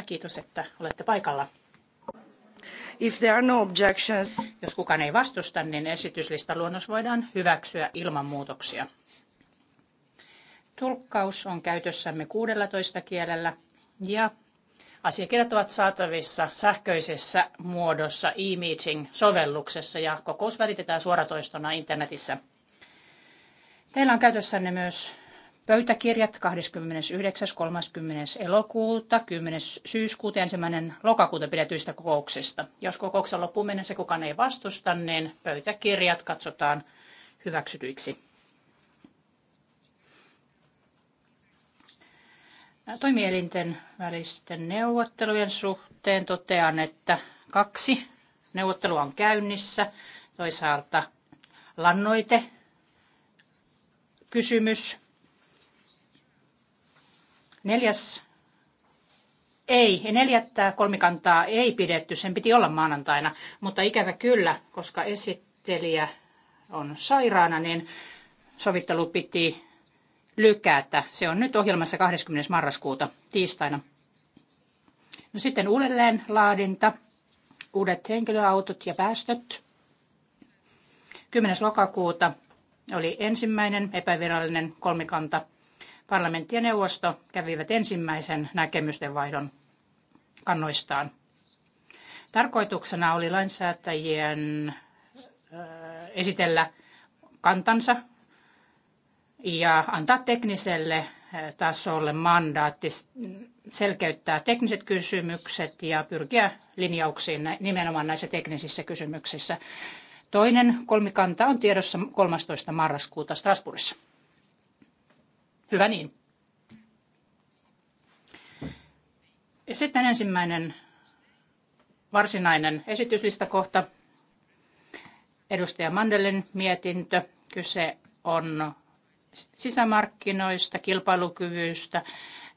valiokunta. Kiitos, että olette paikalla. If there are no objections. Jos kukaan ei vastusta, niin esityslistaluonnos voidaan hyväksyä ilman muutoksia. Tulkkaus on käytössämme 16 kielellä ja asiakirjat ovat saatavissa sähköisessä muodossa e-meeting-sovelluksessa ja kokous välitetään suoratoistona internetissä. Teillä on käytössänne myös Pöytäkirjat 29.30. elokuuta, 10. syyskuuta ja 1. lokakuuta pidetyistä kokouksista. Jos kokouksen loppuun mennessä kukaan ei vastusta, niin pöytäkirjat katsotaan hyväksytyiksi. Toimielinten välisten neuvottelujen suhteen totean, että kaksi neuvottelua on käynnissä. Toisaalta lannoite kysymys Neljäs ei, neljättä kolmikantaa ei pidetty, sen piti olla maanantaina, mutta ikävä kyllä, koska esittelijä on sairaana, niin sovittelu piti lykätä. Se on nyt ohjelmassa 20. marraskuuta tiistaina. No sitten uudelleen laadinta, uudet henkilöautot ja päästöt. 10. lokakuuta oli ensimmäinen epävirallinen kolmikanta parlamentti ja neuvosto kävivät ensimmäisen näkemysten vaihdon kannoistaan. Tarkoituksena oli lainsäätäjien esitellä kantansa ja antaa tekniselle tasolle mandaatti selkeyttää tekniset kysymykset ja pyrkiä linjauksiin nimenomaan näissä teknisissä kysymyksissä. Toinen kolmikanta on tiedossa 13. marraskuuta Strasbourgissa. Hyvä niin. Ja sitten ensimmäinen varsinainen esityslistakohta. Edustaja Mandelin mietintö. Kyse on sisämarkkinoista, kilpailukyvystä,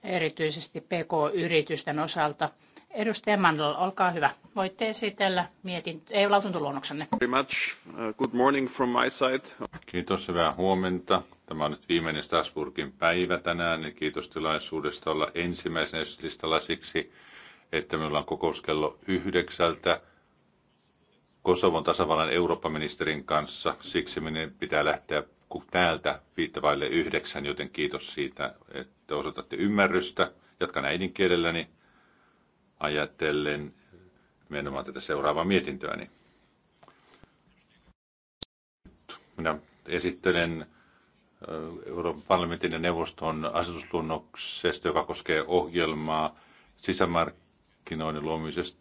erityisesti PK-yritysten osalta. Edustaja Mandel, olkaa hyvä. Voitte esitellä mietintö, ei lausuntoluonnoksenne. Very much. Uh, good morning from my side. Kiitos, hyvää huomenta. Tämä on nyt viimeinen Strasbourgin päivä tänään. Niin kiitos tilaisuudesta olla ensimmäisenä listalla siksi, että meillä on kokous kello yhdeksältä Kosovon tasavallan Eurooppa-ministerin kanssa. Siksi minun pitää lähteä täältä viittavaille yhdeksän, joten kiitos siitä, että osoitatte ymmärrystä. Jatkan äidinkielelläni ajatellen nimenomaan tätä seuraavaa mietintöäni. Minä esittelen Euroopan parlamentin ja neuvoston asetusluonnoksesta, joka koskee ohjelmaa sisämarkkinoiden luomisesta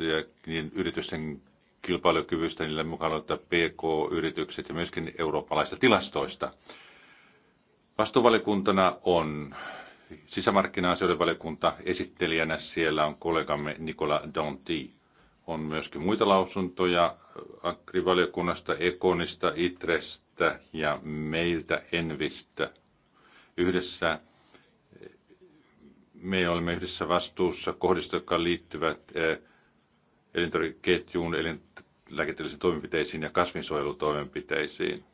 ja niin yritysten kilpailukyvystä, niille mukaan ottaa PK-yritykset ja myöskin eurooppalaisista tilastoista. Vastuuvalikuntana on sisämarkkina-asioiden valiokunta esittelijänä. Siellä on kollegamme Nicola Danti. On myöskin muita lausuntoja Akri-valiokunnasta, Ekonista, Itrestä, Envistä ja meiltä Envistä yhdessä. Me olemme yhdessä vastuussa kohdista, jotka liittyvät eh, elintarvikeketjuun, elinlääketieteellisiin toimenpiteisiin ja kasvinsuojelutoimenpiteisiin.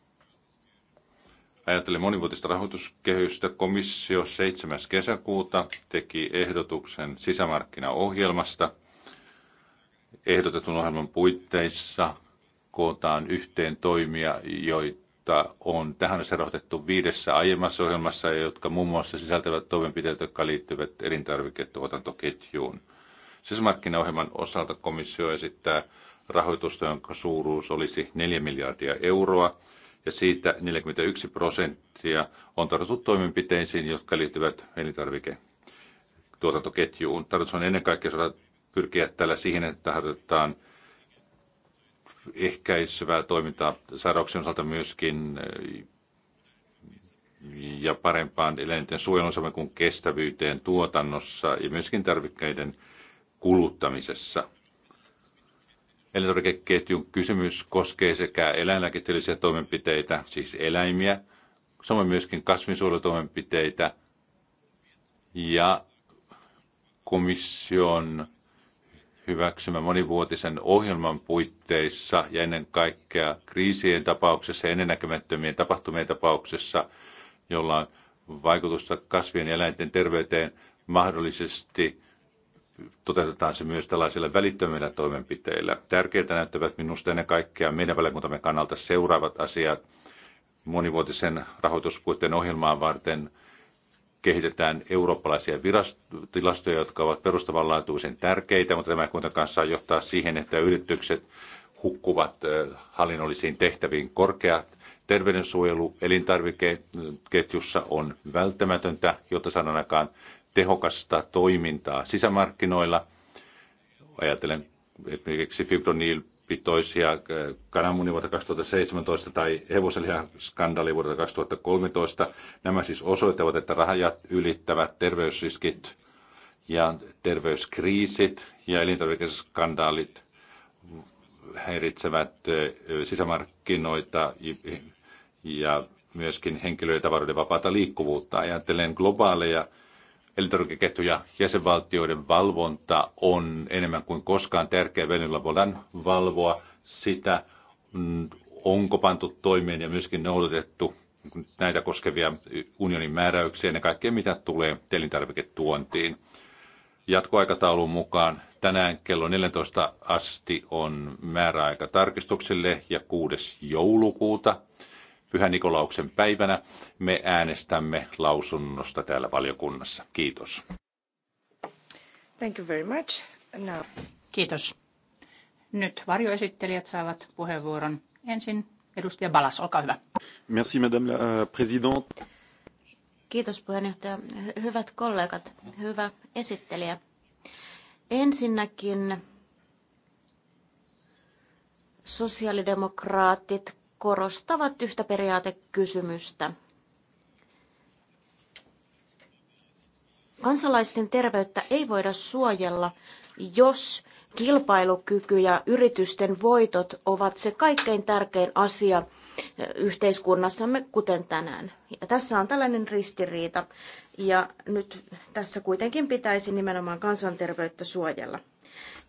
Ajattelen monivuotista rahoituskehystä. Komissio 7. kesäkuuta teki ehdotuksen sisämarkkinaohjelmasta. Ehdotetun ohjelman puitteissa kootaan yhteen toimia, joita joita on tähän on rahoitettu viidessä aiemmassa ohjelmassa, jotka muun muassa sisältävät toimenpiteet, jotka liittyvät elintarviketuotantoketjuun. Sisämarkkinaohjelman osalta komissio esittää rahoitusta, jonka suuruus olisi 4 miljardia euroa, ja siitä 41 prosenttia on tarjottu toimenpiteisiin, jotka liittyvät elintarviketuotantoketjuun. Tarkoitus on ennen kaikkea saada pyrkiä tällä siihen, että harjoitetaan ehkäisevää toimintaa sairauksien osalta myöskin eh, ja parempaan eläinten suojelun kuin kestävyyteen tuotannossa ja myöskin tarvikkeiden kuluttamisessa. Elintarvikeketjun kysymys koskee sekä eläinlääketieteellisiä toimenpiteitä, siis eläimiä, samoin myöskin kasvinsuojelutoimenpiteitä ja komission hyväksymä monivuotisen ohjelman puitteissa ja ennen kaikkea kriisien tapauksessa ja ennennäkemättömien tapahtumien tapauksessa, jolla on vaikutusta kasvien ja eläinten terveyteen, mahdollisesti toteutetaan se myös tällaisilla välittömillä toimenpiteillä. Tärkeiltä näyttävät minusta ennen kaikkea meidän valiokuntamme kannalta seuraavat asiat monivuotisen rahoituspuitteen ohjelmaan varten – kehitetään eurooppalaisia virastilastoja, jotka ovat perustavanlaatuisen tärkeitä, mutta tämä kuitenkaan saa johtaa siihen, että yritykset hukkuvat hallinnollisiin tehtäviin korkeat. Terveydensuojelu elintarvikeketjussa on välttämätöntä, jotta saadaan aikaan tehokasta toimintaa sisämarkkinoilla. Ajattelen esimerkiksi fibronil pitoisia äh, kananmuni vuodelta 2017 tai hevosenlihaskandaali vuodelta 2013. Nämä siis osoittavat, että rahajat ylittävät terveysriskit ja terveyskriisit ja elintarvikeskandaalit häiritsevät äh, sisämarkkinoita ja myöskin henkilöiden tavaroiden vapaata liikkuvuutta. Ajattelen globaaleja elintarvikeketjuja jäsenvaltioiden valvonta on enemmän kuin koskaan tärkeä. Venäjällä voidaan valvoa sitä, mm, onko pantu toimeen ja myöskin noudatettu näitä koskevia unionin määräyksiä ja kaikkea, mitä tulee elintarviketuontiin. Jatkoaikataulun mukaan tänään kello 14 asti on määräaika tarkistuksille ja 6. joulukuuta Pyhän Nikolauksen päivänä me äänestämme lausunnosta täällä valiokunnassa. Kiitos. Thank you very much. Now. Kiitos. Nyt varjoesittelijät saavat puheenvuoron. Ensin edustaja Balas, olkaa hyvä. Merci, madame la euh, présidente. Kiitos puheenjohtaja. Hyvät kollegat, hyvä esittelijä. Ensinnäkin sosiaalidemokraatit korostavat yhtä periaatekysymystä. Kansalaisten terveyttä ei voida suojella, jos kilpailukyky ja yritysten voitot ovat se kaikkein tärkein asia yhteiskunnassamme, kuten tänään. Ja tässä on tällainen ristiriita, ja nyt tässä kuitenkin pitäisi nimenomaan kansanterveyttä suojella.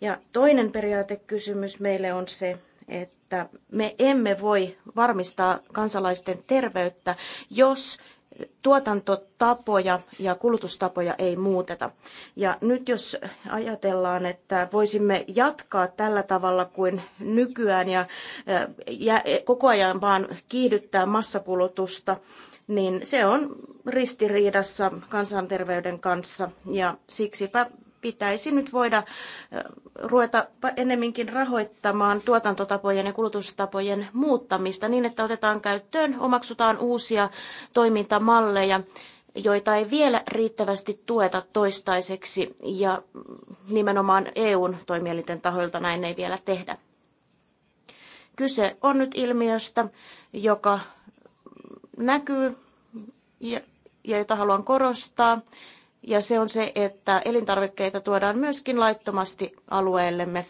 Ja toinen periaatekysymys meille on se, että että me emme voi varmistaa kansalaisten terveyttä, jos tuotantotapoja ja kulutustapoja ei muuteta. Ja nyt jos ajatellaan, että voisimme jatkaa tällä tavalla kuin nykyään ja, koko ajan vaan kiihdyttää massakulutusta, niin se on ristiriidassa kansanterveyden kanssa ja siksipä pitäisi nyt voida ruveta ennemminkin rahoittamaan tuotantotapojen ja kulutustapojen muuttamista niin, että otetaan käyttöön, omaksutaan uusia toimintamalleja, joita ei vielä riittävästi tueta toistaiseksi ja nimenomaan EUn toimielinten tahoilta näin ei vielä tehdä. Kyse on nyt ilmiöstä, joka näkyy ja, ja jota haluan korostaa ja se on se, että elintarvikkeita tuodaan myöskin laittomasti alueellemme,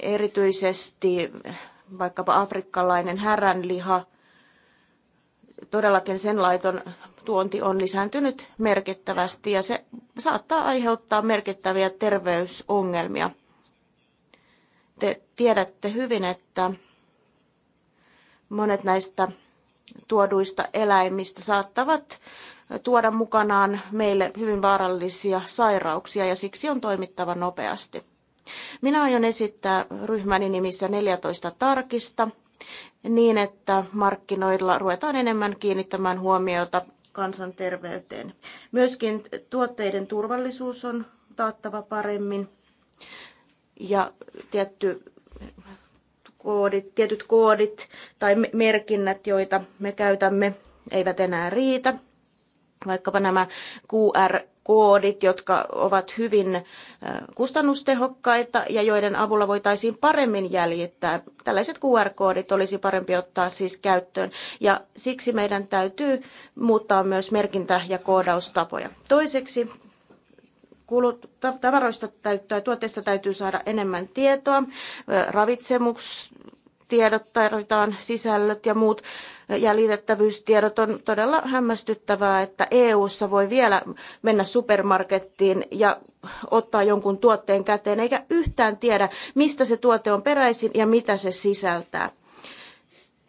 erityisesti vaikkapa afrikkalainen häränliha. Todellakin sen laiton tuonti on lisääntynyt merkittävästi ja se saattaa aiheuttaa merkittäviä terveysongelmia. Te tiedätte hyvin, että monet näistä tuoduista eläimistä saattavat tuoda mukanaan meille hyvin vaarallisia sairauksia ja siksi on toimittava nopeasti. Minä aion esittää ryhmäni nimissä 14 tarkista niin, että markkinoilla ruvetaan enemmän kiinnittämään huomiota kansanterveyteen. Myöskin tuotteiden turvallisuus on taattava paremmin ja tietty koodit, tietyt koodit tai merkinnät, joita me käytämme, eivät enää riitä vaikkapa nämä QR-koodit, jotka ovat hyvin kustannustehokkaita ja joiden avulla voitaisiin paremmin jäljittää. Tällaiset QR-koodit olisi parempi ottaa siis käyttöön ja siksi meidän täytyy muuttaa myös merkintä- ja koodaustapoja. Toiseksi tavaroista täyttää, tuotteista täytyy saada enemmän tietoa, ravitsemus, tiedot tarvitaan, sisällöt ja muut jäljitettävyystiedot. On todella hämmästyttävää, että EU:ssa voi vielä mennä supermarkettiin ja ottaa jonkun tuotteen käteen, eikä yhtään tiedä, mistä se tuote on peräisin ja mitä se sisältää.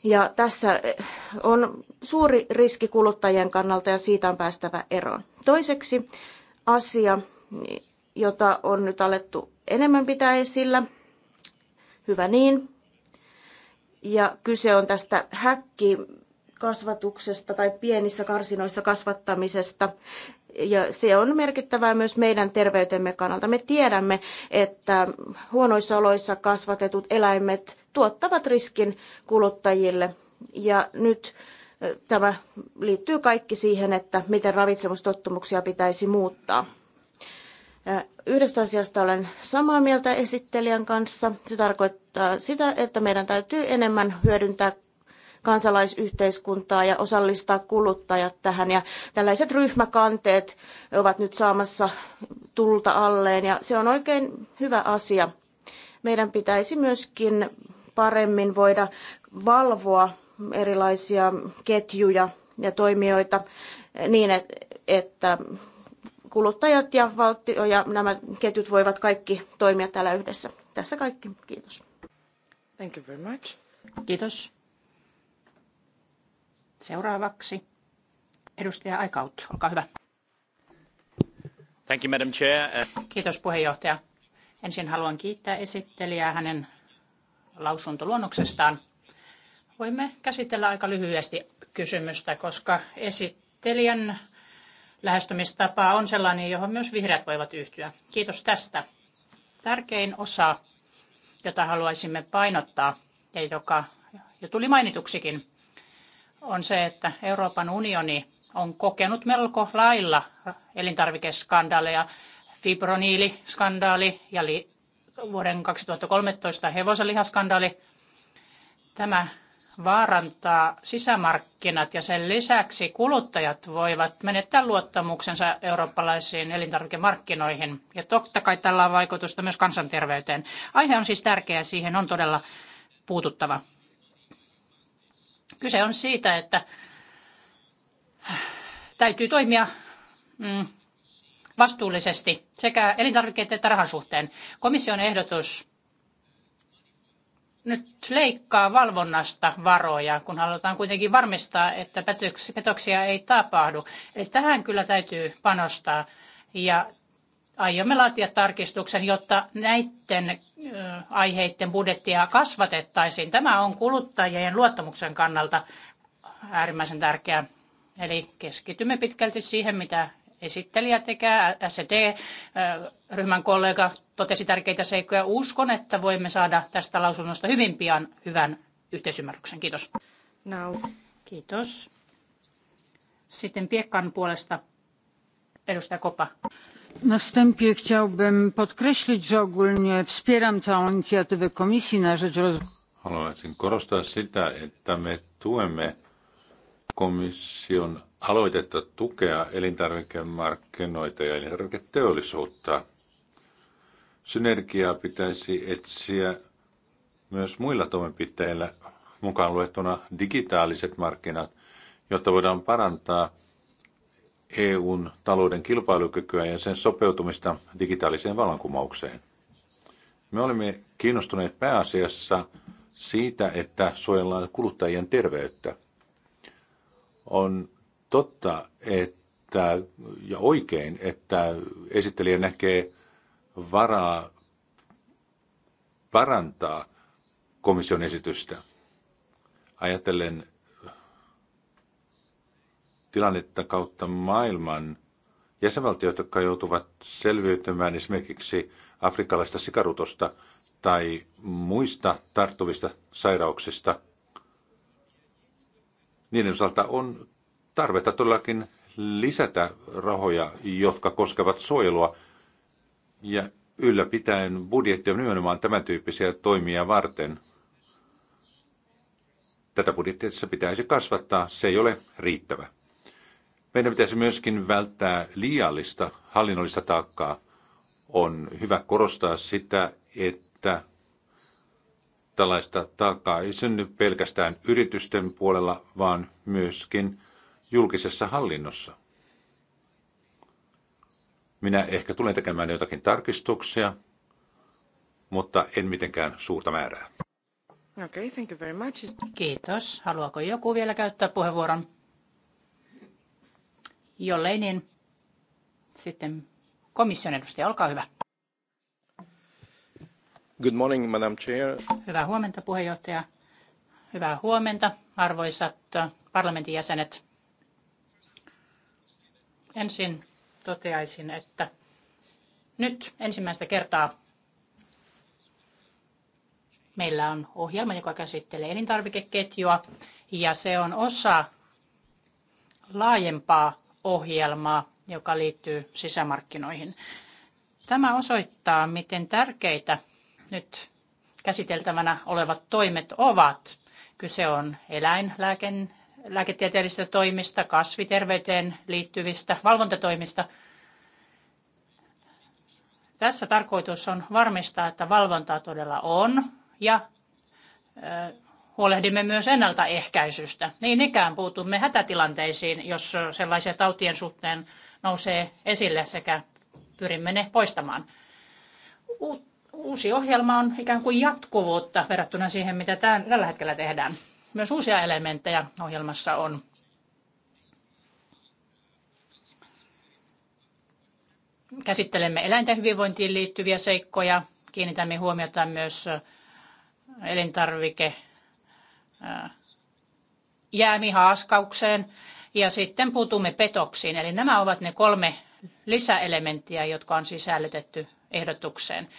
Ja tässä eh, on suuri riski kuluttajien kannalta ja siitä on päästävä eroon. Toiseksi asia, jota on nyt alettu enemmän pitää esillä, hyvä niin, ja kyse on tästä häkkikasvatuksesta tai pienissä karsinoissa kasvattamisesta. Ja se on merkittävää myös meidän terveytemme kannalta. Me tiedämme, että huonoissa oloissa kasvatetut eläimet tuottavat riskin kuluttajille. Ja nyt eh, tämä liittyy kaikki siihen, että miten ravitsemustottumuksia pitäisi muuttaa. Yhdestä asiasta olen samaa mieltä esittelijän kanssa. Se tarkoittaa sitä, että meidän täytyy enemmän hyödyntää kansalaisyhteiskuntaa ja osallistaa kuluttajat tähän. Ja tällaiset ryhmäkanteet ovat nyt saamassa tulta alleen ja se on oikein hyvä asia. Meidän pitäisi myöskin paremmin voida valvoa erilaisia ketjuja ja toimijoita niin, että kuluttajat ja valtio ja nämä ketjut voivat kaikki toimia täällä yhdessä. Tässä kaikki. Kiitos. Thank you very much. Kiitos. Seuraavaksi edustaja Aikaut, olkaa hyvä. Thank you, Madam Chair. Kiitos puheenjohtaja. Ensin haluan kiittää esittelijää hänen lausuntoluonnoksestaan. Voimme käsitellä aika lyhyesti kysymystä, koska esittelijän lähestymistapa on sellainen, johon myös vihreät voivat yhtyä. Kiitos tästä. Tärkein osa, jota haluaisimme painottaa ja joka jo tuli mainituksikin, on se, että Euroopan unioni on kokenut melko lailla elintarvikeskandaaleja, fibroniiliskandaali ja li- vuoden 2013 hevosenlihaskandaali. Tämä vaarantaa sisämarkkinat ja sen lisäksi kuluttajat voivat menettää luottamuksensa eurooppalaisiin elintarvikemarkkinoihin. Ja totta kai tällä on vaikutusta myös kansanterveyteen. Aihe on siis tärkeä ja siihen on todella puututtava. Kyse on siitä, että täytyy toimia mm, vastuullisesti sekä elintarvikkeiden että rahan suhteen. Komission ehdotus nyt leikkaa valvonnasta varoja, kun halutaan kuitenkin varmistaa, että petoksia ei tapahdu. Eli tähän kyllä täytyy panostaa ja aiomme laatia tarkistuksen, jotta näiden aiheiden budjettia kasvatettaisiin. Tämä on kuluttajien luottamuksen kannalta äärimmäisen tärkeää. Eli keskitymme pitkälti siihen, mitä esittelijä tekee, SD-ryhmän kollega totesi tärkeitä seikkoja. Uskon, että voimme saada tästä lausunnosta hyvin pian hyvän yhteisymmärryksen. Kiitos. Now. Kiitos. Sitten Piekkan puolesta edustaja Kopa. Na wstępie chciałbym podkreślić, że ogólnie wspieram całą inicjatywę Komisji na rzecz rozwoju. Haluaisin korostaa sitä, että me tuemme komission aloitetta tukea elintarvikemarkkinoita ja elintarviketeollisuutta – Synergiaa pitäisi etsiä myös muilla toimenpiteillä, mukaan luettuna digitaaliset markkinat, jotta voidaan parantaa EUn talouden kilpailukykyä ja sen sopeutumista digitaaliseen vallankumoukseen. Me olemme kiinnostuneet pääasiassa siitä, että suojellaan kuluttajien terveyttä. On totta että, ja oikein, että esittelijä näkee varaa parantaa komission esitystä. Ajatellen tilannetta kautta maailman jäsenvaltiot, jotka joutuvat selviytymään esimerkiksi afrikkalaista sikarutosta tai muista tarttuvista sairauksista, niiden osalta on tarvetta todellakin lisätä rahoja, jotka koskevat suojelua ja ylläpitäen budjettia on nimenomaan tämän tyyppisiä toimia varten. Tätä budjettia pitäisi kasvattaa, se ei ole riittävä. Meidän pitäisi myöskin välttää liiallista hallinnollista taakkaa. On hyvä korostaa sitä, että tällaista taakkaa ei synny pelkästään yritysten puolella, vaan myöskin julkisessa hallinnossa. Minä ehkä tulen tekemään jotakin tarkistuksia, mutta en mitenkään suurta määrää. Okay, thank you very much. Kiitos. Haluaako joku vielä käyttää puheenvuoron? Jollei niin, sitten komission edustaja, olkaa hyvä. Good morning, Madam Chair. Hyvää huomenta, puheenjohtaja. Hyvää huomenta, arvoisat äh, parlamentin jäsenet. Ensin toteaisin, että nyt ensimmäistä kertaa meillä on ohjelma, joka käsittelee elintarvikeketjua ja se on osa laajempaa ohjelmaa, joka liittyy sisämarkkinoihin. Tämä osoittaa, miten tärkeitä nyt käsiteltävänä olevat toimet ovat. Kyse on eläinlääken, lääketieteellisistä toimista, kasviterveyteen liittyvistä valvontatoimista. Tässä tarkoitus on varmistaa, että valvontaa todella on ja huolehdimme myös ennaltaehkäisystä. Niin ikään puutumme hätätilanteisiin, jos sellaisia tautien suhteen nousee esille sekä pyrimme ne poistamaan. Uusi ohjelma on ikään kuin jatkuvuutta verrattuna siihen, mitä tämän, tällä hetkellä tehdään. Myös uusia elementtejä ohjelmassa on. Käsittelemme eläinten hyvinvointiin liittyviä seikkoja. Kiinnitämme huomiota myös elintarvike jäämihaaskaukseen ja sitten puutumme petoksiin. Eli nämä ovat ne kolme lisäelementtiä, jotka on sisällytetty ehdotukseen.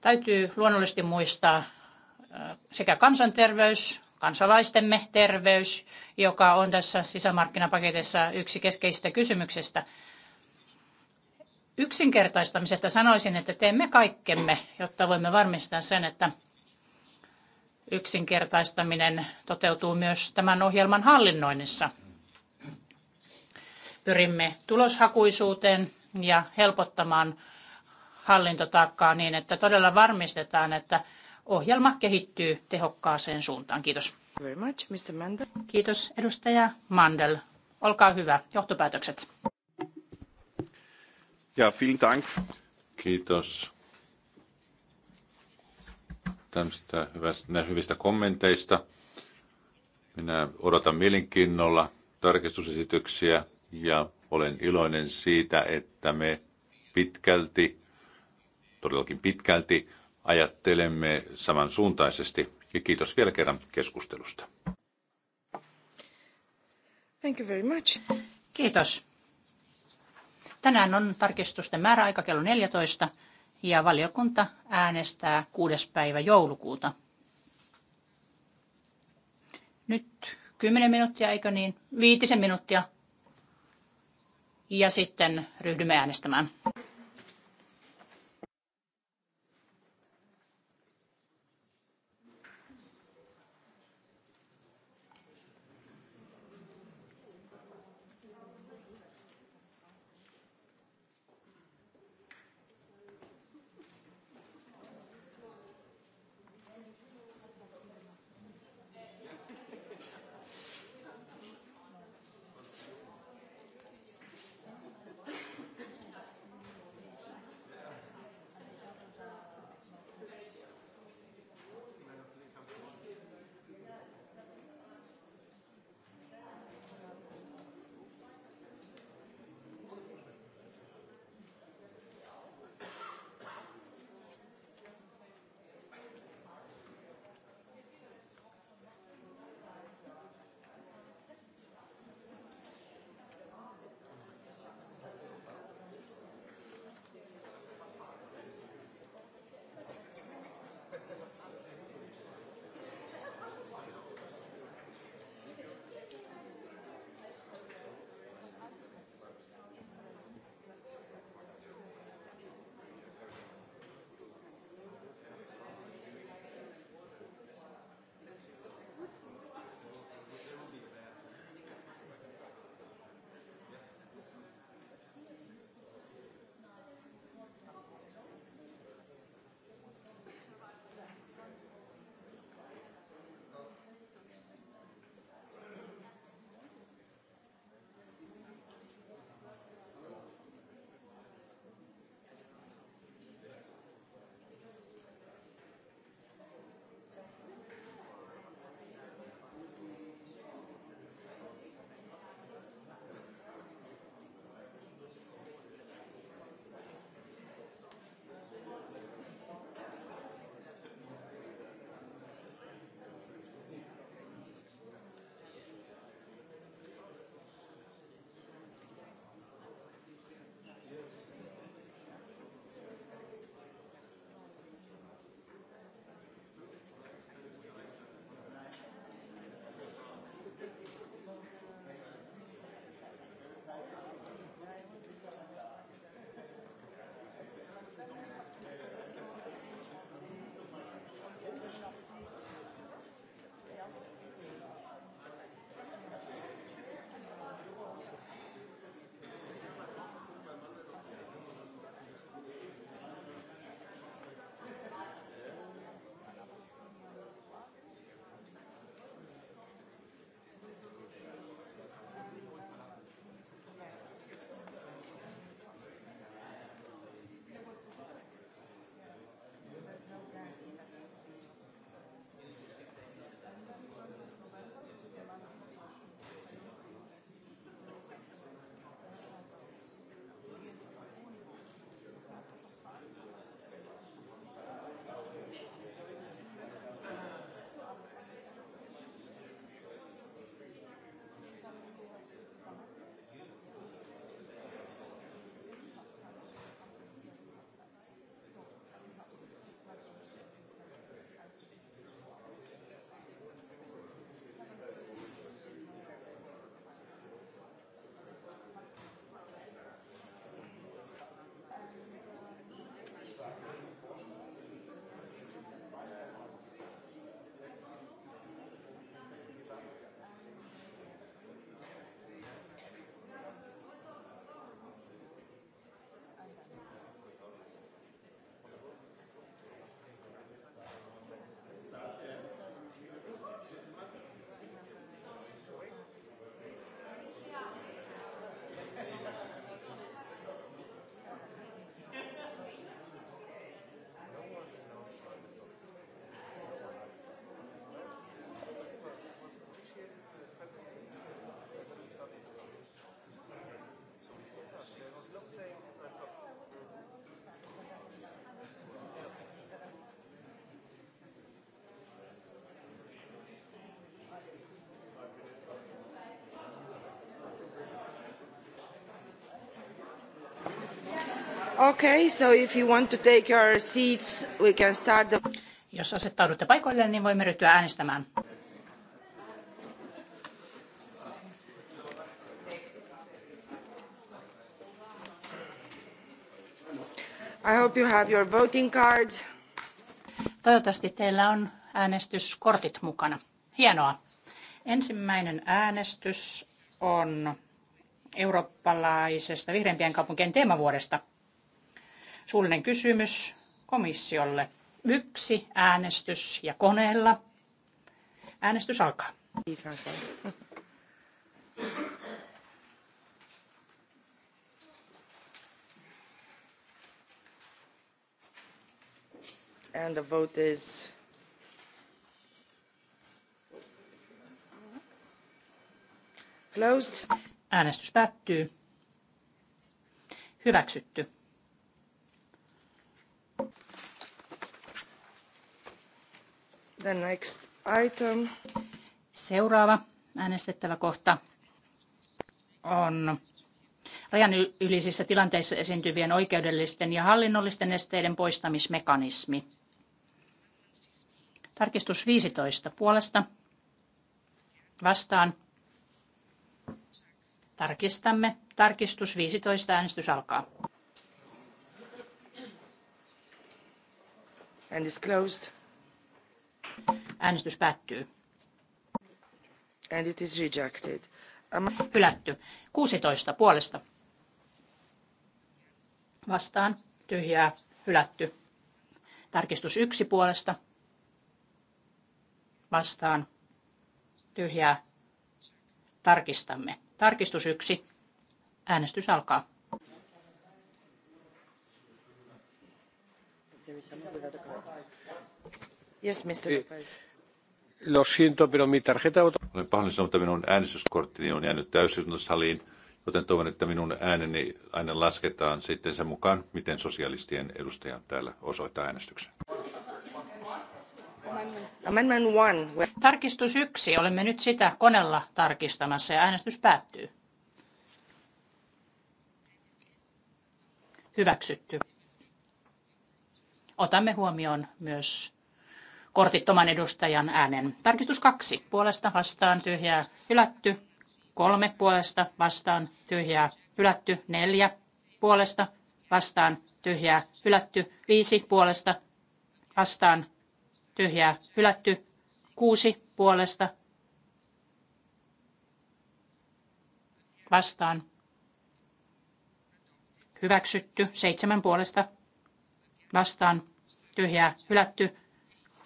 Täytyy luonnollisesti muistaa sekä kansanterveys kansalaistemme terveys, joka on tässä sisämarkkinapaketissa yksi keskeisistä kysymyksistä. Yksinkertaistamisesta sanoisin, että teemme kaikkemme, jotta voimme varmistaa sen, että yksinkertaistaminen toteutuu myös tämän ohjelman hallinnoinnissa. Pyrimme tuloshakuisuuteen ja helpottamaan hallintotaakkaa niin, että todella varmistetaan, että ohjelma kehittyy tehokkaaseen suuntaan. Kiitos. Very much, Mr. Mandel. Kiitos edustaja Mandel. Olkaa hyvä. Johtopäätökset. Ja, vielen Dank. Kiitos tämmöistä hyvistä, hyvistä kommenteista. Minä odotan mielenkiinnolla tarkistusesityksiä ja olen iloinen siitä, että me pitkälti, todellakin pitkälti, ajattelemme samansuuntaisesti. Ja kiitos vielä kerran keskustelusta. Thank you very much. Kiitos. Tänään on tarkistusten määräaika kello 14 ja valiokunta äänestää 6. päivä joulukuuta. Nyt 10 minuuttia, eikö niin? Viitisen minuuttia. Ja sitten ryhdymme äänestämään. Okay, so if you want to take your seats, we can start the... Jos asettaudutte paikoilleen, niin voimme ryhtyä äänestämään. I hope you have your voting cards. Toivottavasti teillä on äänestyskortit mukana. Hienoa. Ensimmäinen äänestys on eurooppalaisesta vihreämpien kaupunkien teemavuodesta – Suullinen kysymys komissiolle. Yksi äänestys ja koneella. Äänestys alkaa. And the vote is closed. Äänestys päättyy. Hyväksytty. The next item. Seuraava äänestettävä kohta on rajan ylisissä tilanteissa esiintyvien oikeudellisten ja hallinnollisten esteiden poistamismekanismi. Tarkistus 15 puolesta. Vastaan. Tarkistamme. Tarkistus 15. Äänestys alkaa. And is closed. Äänestys päättyy. And it is rejected. Um... Hylätty. 16 puolesta. Vastaan. Tyhjää. Hylätty. Tarkistus 1 puolesta. Vastaan. Tyhjää. Tarkistamme. Tarkistus 1. Äänestys alkaa. Yes, Mr. Lopez. Lo siento, pero mi tarjeta... Olen pahoillani sanoa, että minun äänestyskorttini on jäänyt täysin joten toivon, että minun ääneni aina lasketaan sitten sen mukaan, miten sosialistien edustaja täällä osoittaa äänestyksen. Tarkistus yksi. Olemme nyt sitä konella tarkistamassa ja äänestys päättyy. Hyväksytty. Otamme huomioon myös kortittoman edustajan äänen. Tarkistus kaksi. Puolesta vastaan tyhjää hylätty. Kolme puolesta vastaan tyhjää hylätty. Neljä puolesta vastaan tyhjää hylätty. Viisi puolesta vastaan tyhjää hylätty. Kuusi puolesta vastaan hyväksytty. Seitsemän puolesta vastaan tyhjää hylätty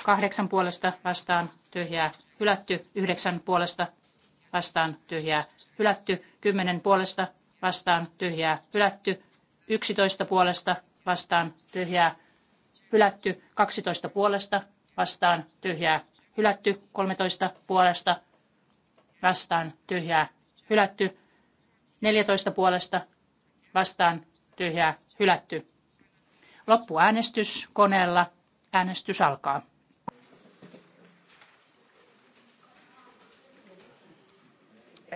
kahdeksan puolesta vastaan tyhjää hylätty, yhdeksän puolesta vastaan tyhjää hylätty, kymmenen puolesta vastaan tyhjää hylätty, yksitoista puolesta vastaan tyhjää hylätty, kaksitoista puolesta vastaan tyhjää hylätty, kolmetoista puolesta vastaan tyhjää hylätty, neljätoista puolesta vastaan tyhjää hylätty. Loppuäänestys koneella. Äänestys alkaa.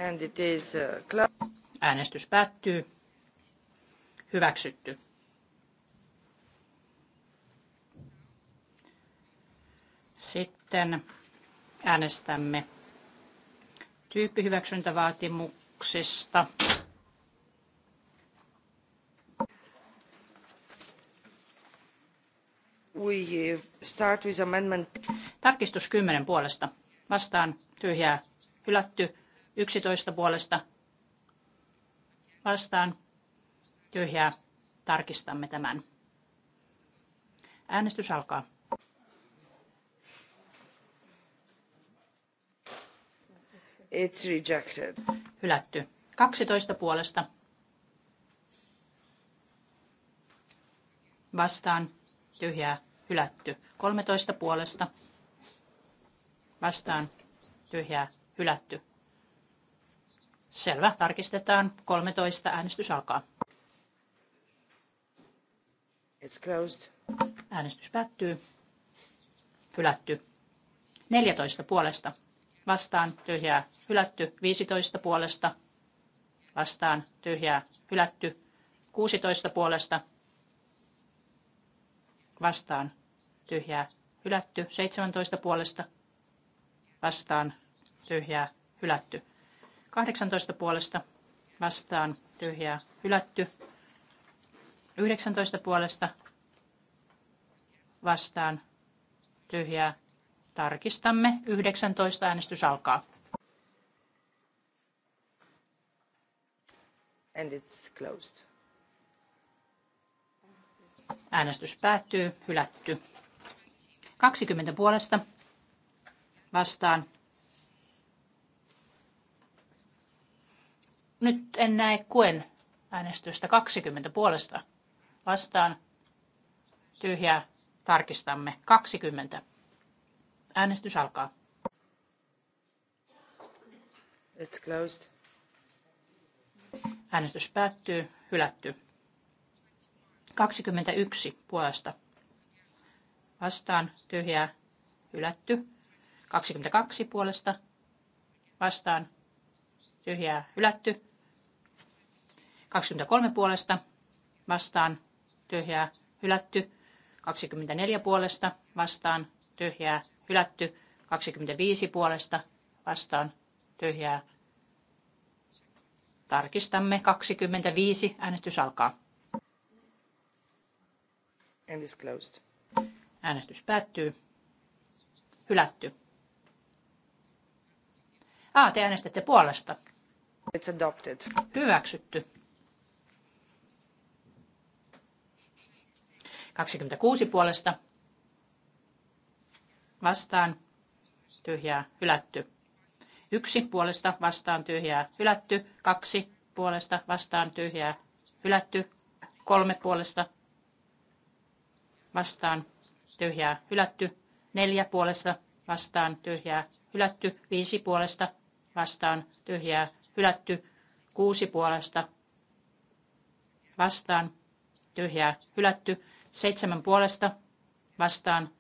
And it is uh, Äänestys päättyy. Hyväksytty. Sitten äänestämme tyyppihyväksyntävaatimuksista. We start with amendment. Tarkistus 10 puolesta. Vastaan tyhjää hylätty. 11 puolesta vastaan tyhjää. Tarkistamme tämän. Äänestys alkaa. It's rejected. Hylätty. 12 puolesta. Vastaan. Tyhjää. Hylätty. 13 puolesta. Vastaan. Tyhjää. Hylätty. Selvä, tarkistetaan. 13 äänestys alkaa. It's closed. Äänestys päättyy. Hylätty. 14 puolesta. Vastaan tyhjää. Hylätty. 15 puolesta. Vastaan tyhjää. Hylätty. 16 puolesta. Vastaan tyhjää. Hylätty. 17 puolesta. Vastaan tyhjää. Hylätty. 18 puolesta vastaan tyhjää hylätty. 19 puolesta vastaan tyhjää tarkistamme. 19 äänestys alkaa. And it's closed. Äänestys päättyy, hylätty. 20 puolesta vastaan Nyt en näe kuen äänestystä 20 puolesta. Vastaan tyhjää tarkistamme 20. Äänestys alkaa. It's closed. Äänestys päättyy. Hylätty. 21 puolesta. Vastaan tyhjää. Hylätty. 22 puolesta. Vastaan tyhjää. Hylätty. 23 puolesta vastaan tyhjää hylätty. 24 puolesta vastaan tyhjää hylätty. 25 puolesta vastaan tyhjää. Tarkistamme 25. Äänestys alkaa. And is closed. Äänestys päättyy. Hylätty. Ah, te äänestätte puolesta. It's adopted. Hyväksytty. 26 puolesta vastaan tyhjää hylätty. Yksi puolesta vastaan tyhjää hylätty. Kaksi puolesta vastaan tyhjää hylätty. Kolme puolesta vastaan tyhjää hylätty. Neljä puolesta vastaan tyhjää hylätty. Viisi puolesta vastaan tyhjää hylätty. Kuusi puolesta vastaan tyhjää hylätty. Seitsemän puolesta vastaan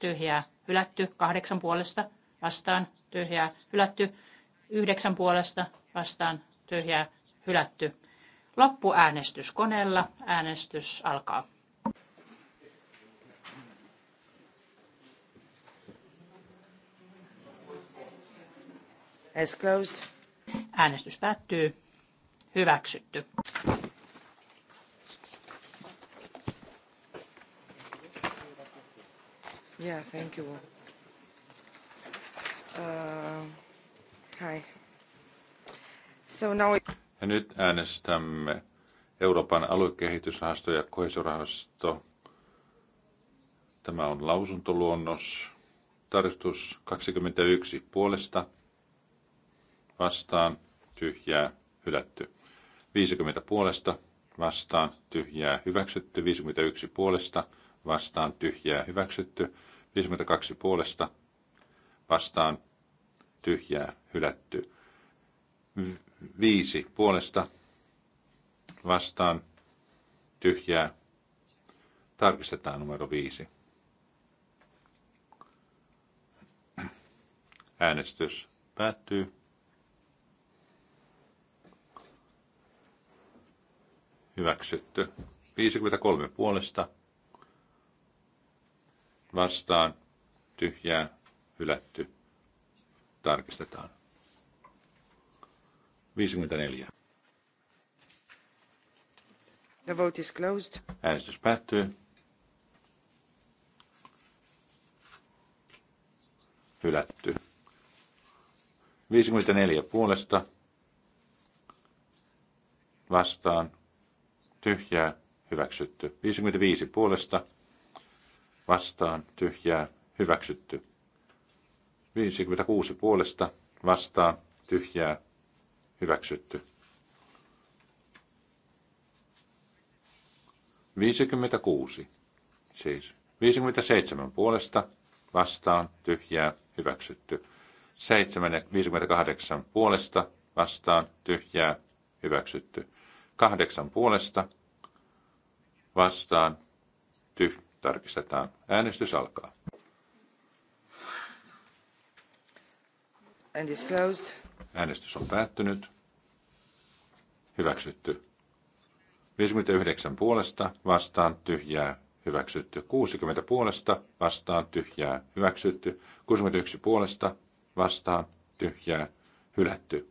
tyhjää hylätty. Kahdeksan puolesta vastaan tyhjää hylätty. Yhdeksän puolesta vastaan tyhjää hylätty. Loppuäänestys koneella. Äänestys alkaa. closed. Äänestys päättyy. Hyväksytty. Yeah, thank you. Uh, hi. So now... Ja nyt äänestämme Euroopan aluekehitysrahasto ja kohesiorahasto. Tämä on lausuntoluonnos. Tarkistus 21 puolesta vastaan tyhjää hylätty. 50 puolesta vastaan tyhjää hyväksytty. 51 puolesta vastaan tyhjää hyväksytty. 52 puolesta vastaan tyhjää hylätty. Viisi puolesta vastaan tyhjää. Tarkistetaan numero viisi. Äänestys päättyy. Hyväksytty. 53 puolesta vastaan, tyhjää, hylätty. Tarkistetaan. 54. The vote is closed. Äänestys päättyy. Hylätty. 54 puolesta. Vastaan. Tyhjää. Hyväksytty. 55 puolesta vastaan tyhjää hyväksytty. 56 puolesta vastaan tyhjää hyväksytty. 56 siis. 57 puolesta vastaan tyhjää hyväksytty. 7 58 puolesta vastaan tyhjää hyväksytty. 8 puolesta vastaan tyhjää tarkistetaan. Äänestys alkaa. And is closed. Äänestys on päättynyt. Hyväksytty. 59 puolesta vastaan tyhjää hyväksytty. 60 puolesta vastaan tyhjää hyväksytty. 61 puolesta vastaan tyhjää hylätty.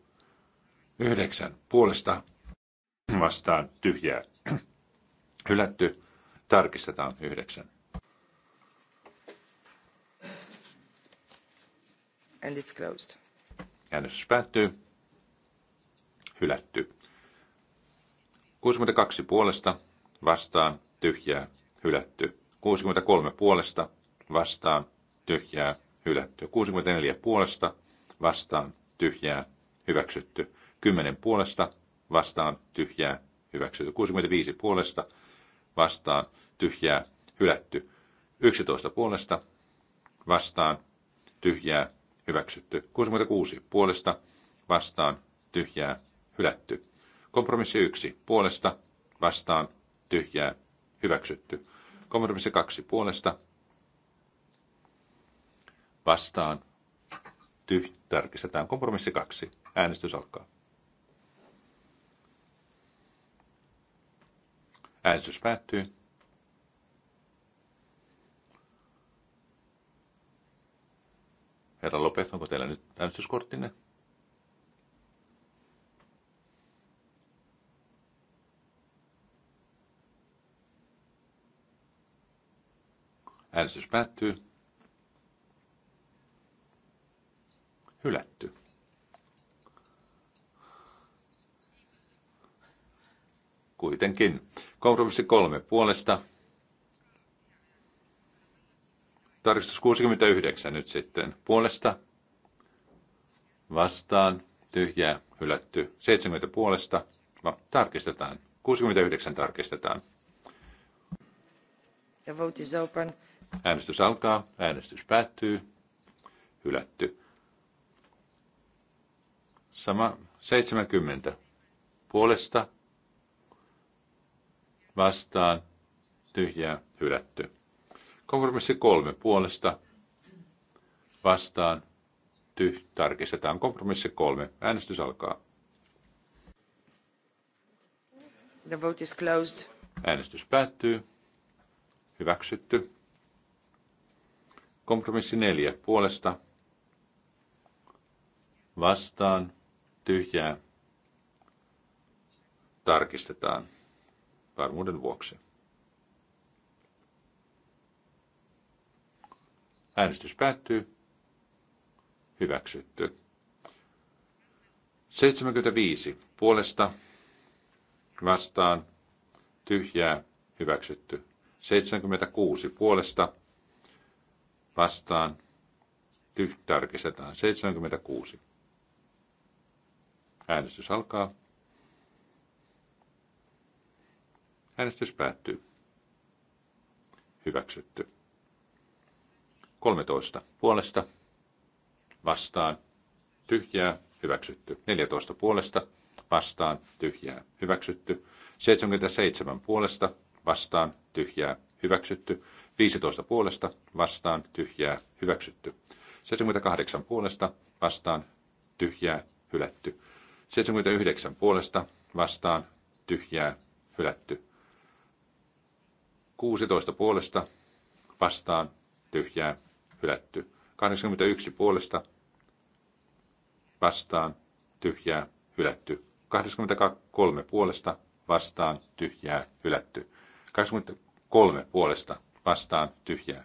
9 puolesta vastaan tyhjää hylätty. Tarkistetaan yhdeksän. And it's closed. Äänestys päättyy. Hylätty. 62 puolesta vastaan tyhjää hylätty. 63 puolesta vastaan tyhjää hylätty. 64 puolesta vastaan tyhjää hyväksytty. 10 puolesta vastaan tyhjää hyväksytty. 65 puolesta vastaan, tyhjää, hylätty. 11 puolesta vastaan, tyhjää, hyväksytty. 66 puolesta vastaan, tyhjää, hylätty. Kompromissi 1 puolesta vastaan, tyhjää, hyväksytty. Kompromissi 2 puolesta vastaan, tyhjää, tarkistetaan. Kompromissi 2. Äänestys alkaa. Äänestys päättyy. Herra Lopez, onko teillä nyt äänestyskorttinne? Äänestys päättyy. Hylätty. Kuitenkin. Kompromissi kolme puolesta. Tarkistus 69 nyt sitten puolesta. Vastaan. Tyhjää. Hylätty. 70 puolesta. No, tarkistetaan. 69 tarkistetaan. The vote is open. Äänestys alkaa. Äänestys päättyy. Hylätty. Sama 70 puolesta vastaan, tyhjää, hylätty. Kompromissi kolme puolesta, vastaan, tyh, tarkistetaan. Kompromissi kolme. Äänestys alkaa. The vote is closed. Äänestys päättyy. Hyväksytty. Kompromissi neljä puolesta. Vastaan. Tyhjää. Tarkistetaan varmuuden vuoksi. Äänestys päättyy. Hyväksytty. 75. Puolesta vastaan tyhjää hyväksytty. 76. Puolesta vastaan tyh tarkistetaan. 76. Äänestys alkaa. Äänestys päättyy. Hyväksytty. 13 puolesta vastaan tyhjää hyväksytty. 14 puolesta vastaan tyhjää hyväksytty. 77 puolesta vastaan tyhjää hyväksytty. 15 puolesta vastaan tyhjää hyväksytty. 78 puolesta vastaan tyhjää hylätty. 79 puolesta vastaan tyhjää hylätty. 16 puolesta vastaan tyhjää hylätty. 81 puolesta vastaan tyhjää hylätty. 83 puolesta vastaan tyhjää hylätty. 23 puolesta vastaan tyhjää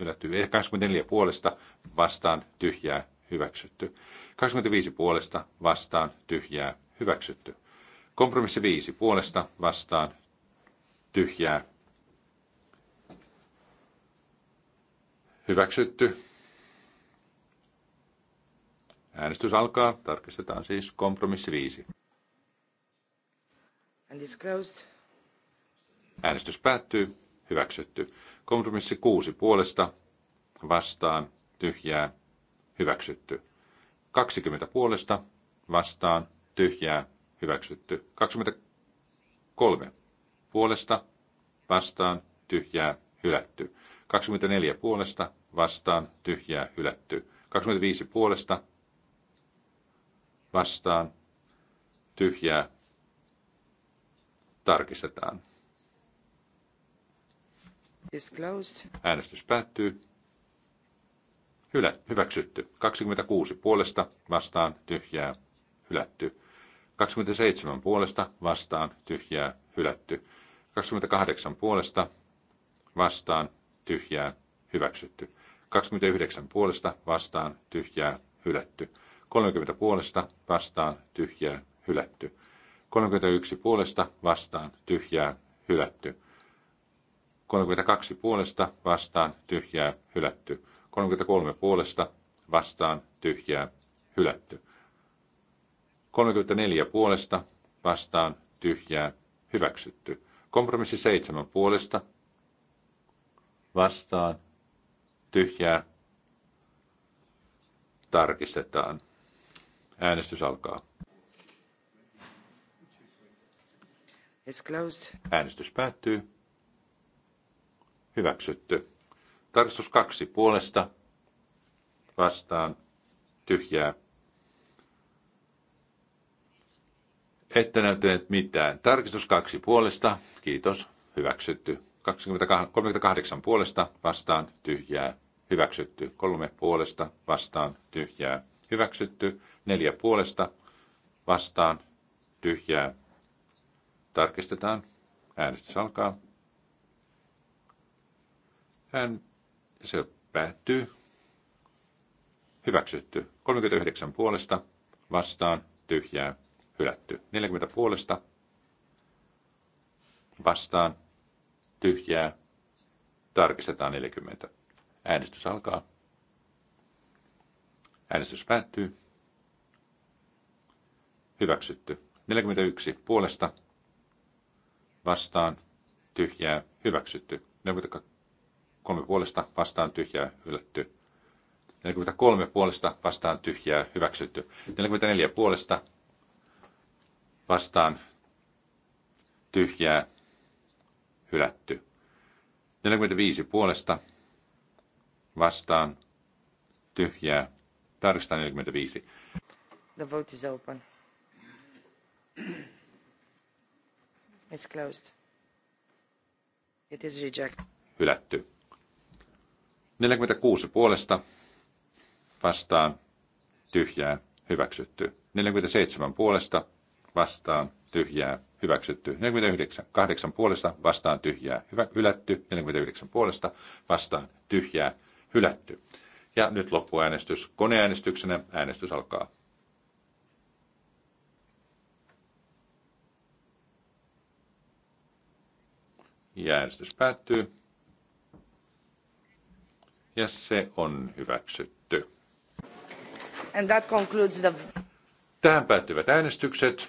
hylätty. 24 eh, puolesta vastaan tyhjää hyväksytty. 25 puolesta vastaan tyhjää hyväksytty. Kompromissi 5 puolesta vastaan tyhjää Hyväksytty. Äänestys alkaa. Tarkistetaan siis kompromissi 5. And it's closed. Äänestys päättyy. Hyväksytty. Kompromissi 6 puolesta. Vastaan. Tyhjää. Hyväksytty. 20 puolesta. Vastaan. Tyhjää. Hyväksytty. 23 puolesta. Vastaan. Tyhjää. Hylätty. 24 puolesta vastaan tyhjää hylätty. 25 puolesta vastaan tyhjää tarkistetaan. Äänestys päättyy. Hylä, hyväksytty. 26 puolesta vastaan tyhjää hylätty. 27 puolesta vastaan tyhjää hylätty. 28 puolesta vastaan tyhjää, hyväksytty. 29 puolesta vastaan, tyhjää, hylätty. 30 puolesta vastaan, tyhjää, hylätty. 31 puolesta vastaan, tyhjää, hylätty. 32 puolesta vastaan, tyhjää, hylätty. 33 puolesta vastaan, tyhjää, hylätty. 34 puolesta vastaan, tyhjää, hyväksytty. Kompromissi 7 puolesta vastaan tyhjää tarkistetaan. Äänestys alkaa. It's closed. Äänestys päättyy. Hyväksytty. Tarkistus kaksi puolesta vastaan tyhjää. Ette näyttäneet mitään. Tarkistus kaksi puolesta. Kiitos. Hyväksytty. 38 puolesta vastaan tyhjää hyväksytty. 3 puolesta vastaan tyhjää hyväksytty. 4 puolesta vastaan tyhjää. Tarkistetaan. Äänestys alkaa. Hän, se päättyy. Hyväksytty. 39 puolesta vastaan tyhjää hylätty. 40 puolesta vastaan tyhjää, tarkistetaan 40. Äänestys alkaa. Äänestys päättyy. Hyväksytty. 41 puolesta vastaan tyhjää hyväksytty. 43 puolesta vastaan tyhjää hylätty. 43 puolesta vastaan tyhjää hyväksytty. 44 puolesta vastaan tyhjää hylätty. 45 puolesta vastaan tyhjää. Tarkistetaan 45. The vote is open. It's closed. It is rejected. Hylätty. 46 puolesta vastaan tyhjää hyväksytty. 47 puolesta vastaan tyhjää hyväksytty. 49, 8 puolesta vastaan tyhjää, hyvä, hylätty. 49 puolesta vastaan tyhjää, hylätty. Ja nyt loppuäänestys koneäänestyksenä. Äänestys alkaa. Ja äänestys päättyy. Ja se on hyväksytty. And that concludes the... Tähän päättyvät äänestykset.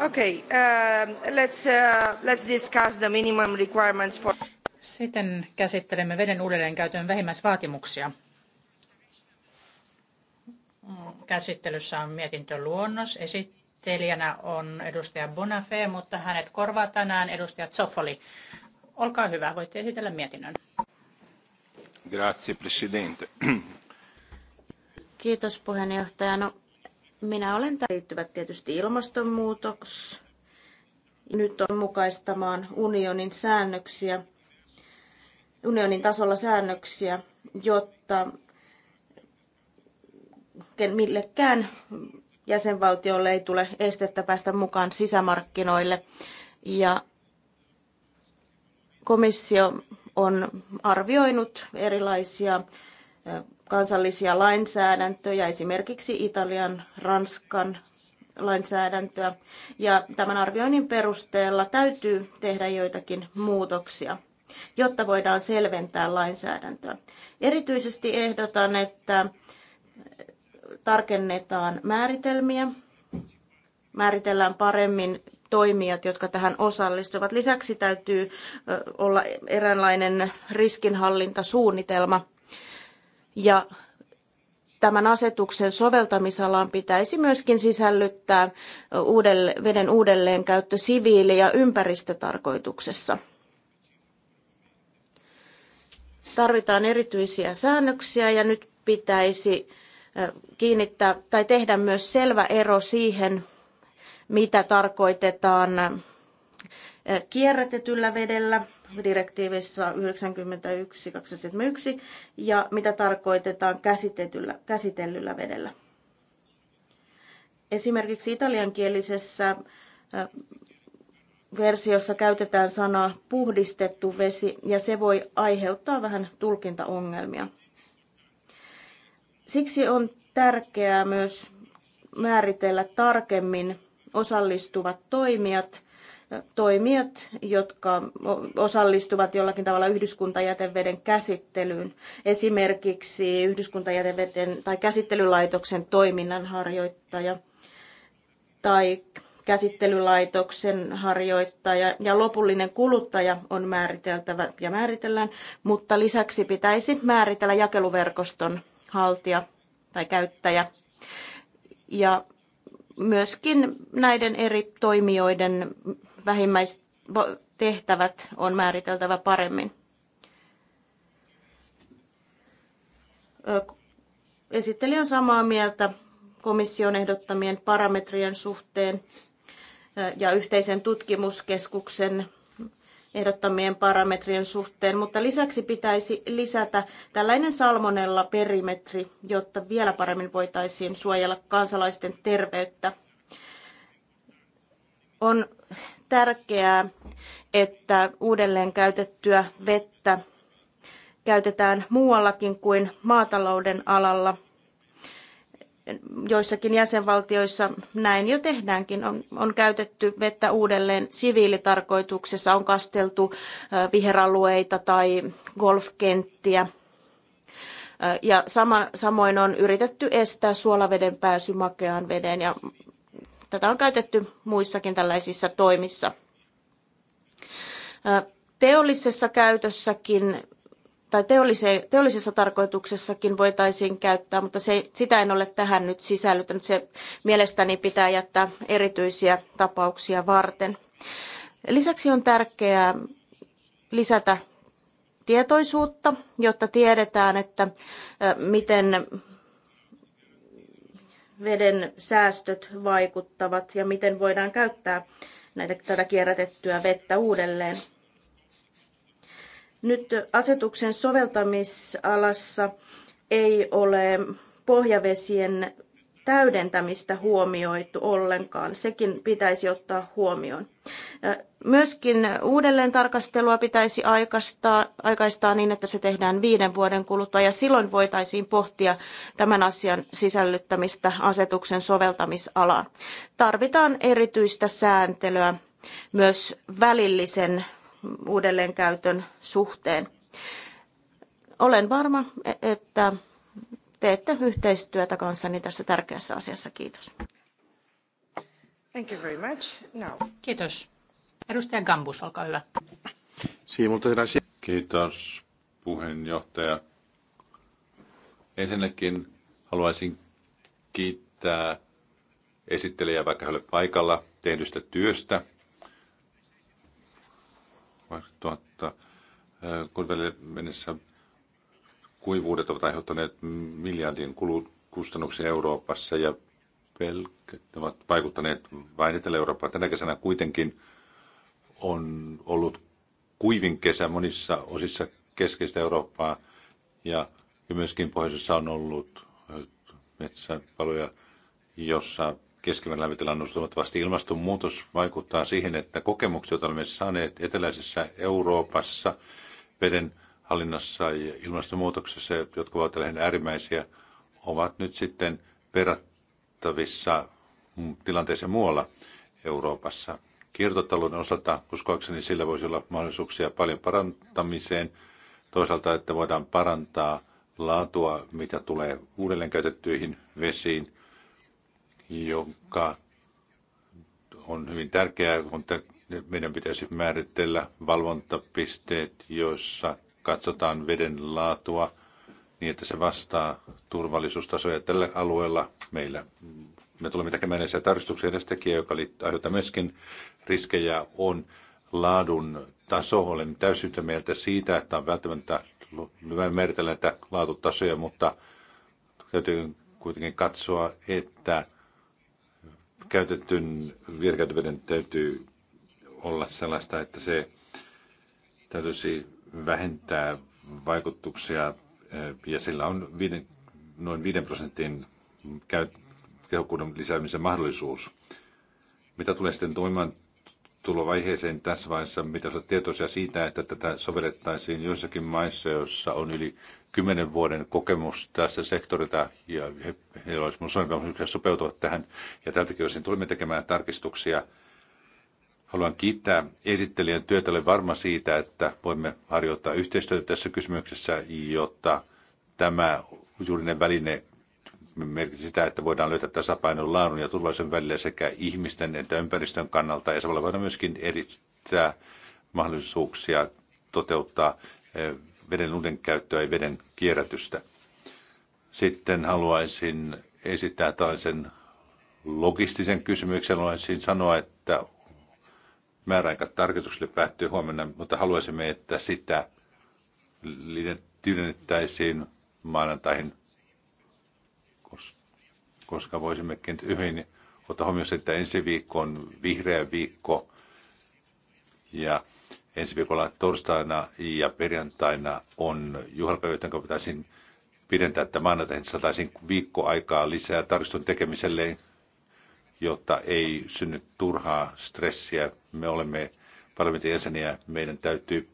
Okay, um, let's, uh, let's discuss the minimum requirements for... Sitten käsittelemme veden uudelleenkäytön vähimmäisvaatimuksia. Käsittelyssä on mietintöluonnos. Esittelijänä on edustaja Bonafé, mutta hänet korvaa tänään edustaja Zoffoli. Olkaa hyvä, voitte esitellä mietinnön. Grazie, Presidente. Kiitos puheenjohtaja. No, minä olen liittyvät tietysti ilmastonmuutoks. Nyt on mukaistamaan unionin säännöksiä, unionin tasolla säännöksiä, jotta millekään jäsenvaltiolle ei tule estettä päästä mukaan sisämarkkinoille. Ja komissio on arvioinut erilaisia kansallisia lainsäädäntöjä, esimerkiksi Italian, Ranskan lainsäädäntöä. Ja tämän arvioinnin perusteella täytyy tehdä joitakin muutoksia, jotta voidaan selventää lainsäädäntöä. Erityisesti ehdotan, että tarkennetaan määritelmiä, määritellään paremmin toimijat, jotka tähän osallistuvat. Lisäksi täytyy olla eräänlainen riskinhallintasuunnitelma ja tämän asetuksen soveltamisalaan pitäisi myöskin sisällyttää uudelle, veden uudelleenkäyttö siviili- ja ympäristötarkoituksessa. Tarvitaan erityisiä säännöksiä ja nyt pitäisi kiinnittää tai tehdä myös selvä ero siihen, mitä tarkoitetaan kierrätetyllä vedellä – direktiivissä 91.271 ja mitä tarkoitetaan käsitetyllä, käsitellyllä vedellä. Esimerkiksi italiankielisessä versiossa käytetään sanaa puhdistettu vesi ja se voi aiheuttaa vähän tulkintaongelmia. Siksi on tärkeää myös määritellä tarkemmin osallistuvat toimijat toimijat, jotka osallistuvat jollakin tavalla yhdyskuntajäteveden käsittelyyn, esimerkiksi yhdyskuntajäteveden tai käsittelylaitoksen toiminnan harjoittaja tai käsittelylaitoksen harjoittaja ja lopullinen kuluttaja on määriteltävä ja määritellään, mutta lisäksi pitäisi määritellä jakeluverkoston haltija tai käyttäjä. Ja myöskin näiden eri toimijoiden vähimmäistehtävät on määriteltävä paremmin. Esittelijä on samaa mieltä komission ehdottamien parametrien suhteen ja yhteisen tutkimuskeskuksen ehdottamien parametrien suhteen, mutta lisäksi pitäisi lisätä tällainen salmonella perimetri, jotta vielä paremmin voitaisiin suojella kansalaisten terveyttä. On tärkeää, että uudelleen käytettyä vettä käytetään muuallakin kuin maatalouden alalla. Joissakin jäsenvaltioissa näin jo tehdäänkin. On, on käytetty vettä uudelleen siviilitarkoituksessa, on kasteltu viheralueita tai golfkenttiä. Ja sama, samoin on yritetty estää suolaveden pääsy makeaan veden ja Tätä on käytetty muissakin tällaisissa toimissa. Teollisessa käytössäkin tai teollise, teollisessa tarkoituksessakin voitaisiin käyttää, mutta se, sitä en ole tähän nyt sisällyttänyt. Se mielestäni pitää jättää erityisiä tapauksia varten. Lisäksi on tärkeää lisätä tietoisuutta, jotta tiedetään, että miten veden säästöt vaikuttavat ja miten voidaan käyttää näitä, tätä kierrätettyä vettä uudelleen. Nyt asetuksen soveltamisalassa ei ole pohjavesien täydentämistä huomioitu ollenkaan. Sekin pitäisi ottaa huomioon. Myöskin uudelleen tarkastelua pitäisi aikaistaa, aikaistaa niin, että se tehdään viiden vuoden kuluttua ja silloin voitaisiin pohtia tämän asian sisällyttämistä asetuksen soveltamisalaan. Tarvitaan erityistä sääntelyä myös välillisen uudelleenkäytön suhteen. Olen varma, e- että teette yhteistyötä kanssani tässä tärkeässä asiassa. Kiitos. Thank you very much. Now. Kiitos. Edustaja Gambus, olkaa hyvä. Kiitos puheenjohtaja. Ensinnäkin haluaisin kiittää esittelijää, vaikka hän paikalla, tehdystä työstä. Tuotta, kun välillä mennessä kuivuudet ovat aiheuttaneet miljardien kustannuksia Euroopassa ja pelkät ovat vaikuttaneet vain Etelä-Eurooppaan. Tänä kesänä kuitenkin on ollut kuivin kesä monissa osissa keskeistä Eurooppaa ja, ja myöskin pohjoisessa on ollut äh, metsäpaloja, jossa keskimmäinen lämpötila on vasti. Ilmastonmuutos vaikuttaa siihen, että kokemukset, joita olemme saaneet eteläisessä Euroopassa veden hallinnassa ja ilmastonmuutoksessa, jotka ovat lähinnä äärimmäisiä, ovat nyt sitten verrattavissa tilanteeseen muualla Euroopassa. Kiertotalouden osalta uskoakseni sillä voisi olla mahdollisuuksia paljon parantamiseen. Toisaalta, että voidaan parantaa laatua, mitä tulee uudelleen käytettyihin vesiin, joka on hyvin tärkeää, kun meidän pitäisi määritellä valvontapisteet, joissa katsotaan veden laatua niin, että se vastaa turvallisuustasoja tällä alueella. Meillä me tulemme tekemään näissä tarkistuksia edes tekijä, joka aiheuttaa myöskin riskejä, on laadun taso. Olen täysin mieltä siitä, että on välttämättä hyvä määritellä näitä laatutasoja, mutta täytyy kuitenkin katsoa, että käytetyn virkäytyveden täytyy olla sellaista, että se täytyisi vähentää vaikutuksia eh, ja sillä on viiden, noin 5 prosentin tehokkuuden lisäämisen mahdollisuus. Mitä tulee sitten toimimaan tulovaiheeseen tässä vaiheessa, mitä olet tietoisia siitä, että tätä sovellettaisiin joissakin maissa, joissa on yli kymmenen vuoden kokemus tässä sektorilta ja he, heillä olisi mun sopeutua tähän. Ja tältäkin osin tulemme tekemään tarkistuksia Haluan kiittää esittelijän työtä. Olen varma siitä, että voimme harjoittaa yhteistyötä tässä kysymyksessä, jotta tämä juurinen väline merkitsee sitä, että voidaan löytää tasapaino laadun ja turvallisuuden välillä sekä ihmisten että ympäristön kannalta. Ja samalla voidaan myöskin edistää mahdollisuuksia toteuttaa eh, veden uuden käyttöä ja veden kierrätystä. Sitten haluaisin esittää tällaisen logistisen kysymyksen. Haluaisin sanoa, että määräaika tarkoitukselle päättyy huomenna, mutta haluaisimme, että sitä tyydennettäisiin maanantaihin, koska voisimmekin hyvin ottaa huomioon, että ensi viikko on vihreä viikko ja ensi viikolla torstaina ja perjantaina on juhlapäivä, joten pitäisi pidentää, että maanantaihin saataisiin viikko aikaa lisää tarkistun tekemiselle jotta ei synny turhaa stressiä. Me olemme parlamentin jäseniä, meidän täytyy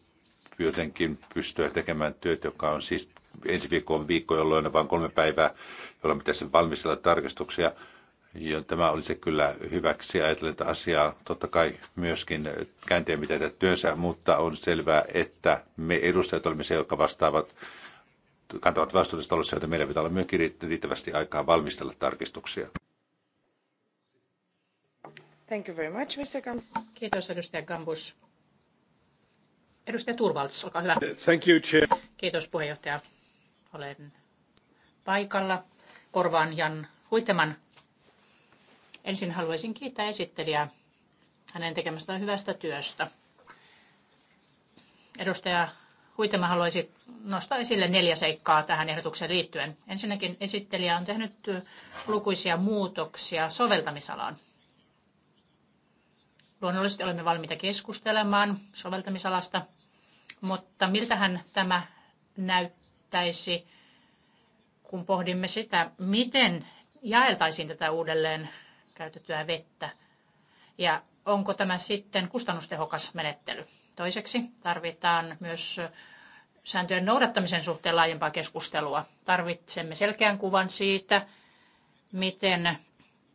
jotenkin pystyä tekemään työt, joka on siis ensi viikko on viikko, jolloin on vain kolme päivää, jolloin pitäisi valmistella tarkistuksia. Ja tämä olisi kyllä hyväksi ajatellen että asiaa. Totta kai myöskin käänteen mitä tehdä työnsä, mutta on selvää, että me edustajat olemme se, jotka vastaavat, kantavat vastuullista talossa, joten meidän pitää olla myöskin riittävästi aikaa valmistella tarkistuksia. Thank you very much, Mr. Gambus. Kiitos, Edustaja Thank you, Chair. Kiitos, puheenjohtaja. Olen paikalla. Korvaan Jan Huiteman. Ensin haluaisin kiittää esittelijää hänen tekemästään hyvästä työstä. Edustaja Huitema haluaisi nostaa esille neljä seikkaa tähän ehdotukseen liittyen. Ensinnäkin esittelijä on tehnyt lukuisia muutoksia soveltamisalaan. Luonnollisesti olemme valmiita keskustelemaan soveltamisalasta, mutta miltähän tämä näyttäisi, kun pohdimme sitä, miten jaeltaisiin tätä uudelleen käytettyä vettä ja onko tämä sitten kustannustehokas menettely. Toiseksi tarvitaan myös sääntöjen noudattamisen suhteen laajempaa keskustelua. Tarvitsemme selkeän kuvan siitä, miten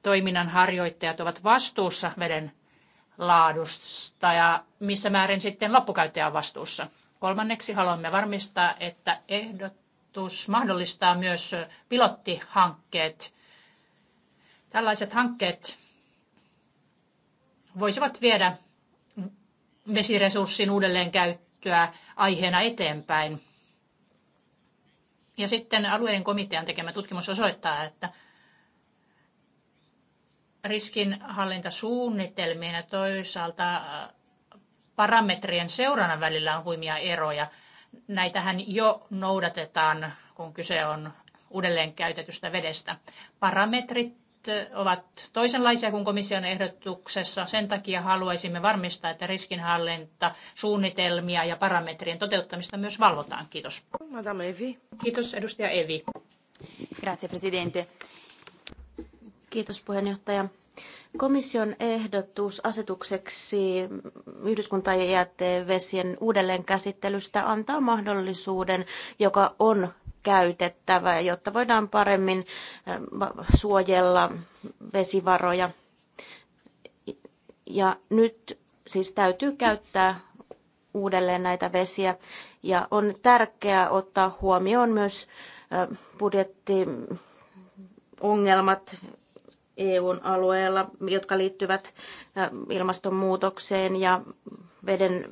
toiminnan harjoittajat ovat vastuussa veden laadusta ja missä määrin sitten loppukäyttäjä on vastuussa. Kolmanneksi haluamme varmistaa, että ehdotus mahdollistaa myös pilottihankkeet. Tällaiset hankkeet voisivat viedä vesiresurssin uudelleenkäyttöä aiheena eteenpäin. Ja sitten alueen komitean tekemä tutkimus osoittaa, että riskinhallintasuunnitelmien ja toisaalta äh, parametrien seurannan välillä on huimia eroja. Näitähän jo noudatetaan, kun kyse on uudelleen käytetystä vedestä. Parametrit äh, ovat toisenlaisia kuin komission ehdotuksessa. Sen takia haluaisimme varmistaa, että riskinhallinta, suunnitelmia ja parametrien toteuttamista myös valvotaan. Kiitos. Madame Evi. Kiitos, edustaja Evi. Grazie, presidente. Kiitos puheenjohtaja. Komission ehdotus asetukseksi yhdyskuntajätevesien uudelleenkäsittelystä antaa mahdollisuuden, joka on käytettävä, jotta voidaan paremmin ähm, suojella vesivaroja. Ja nyt siis täytyy käyttää uudelleen näitä vesiä ja on tärkeää ottaa huomioon myös äh, budjetti ongelmat EUn alueella, jotka liittyvät ilmastonmuutokseen ja veden,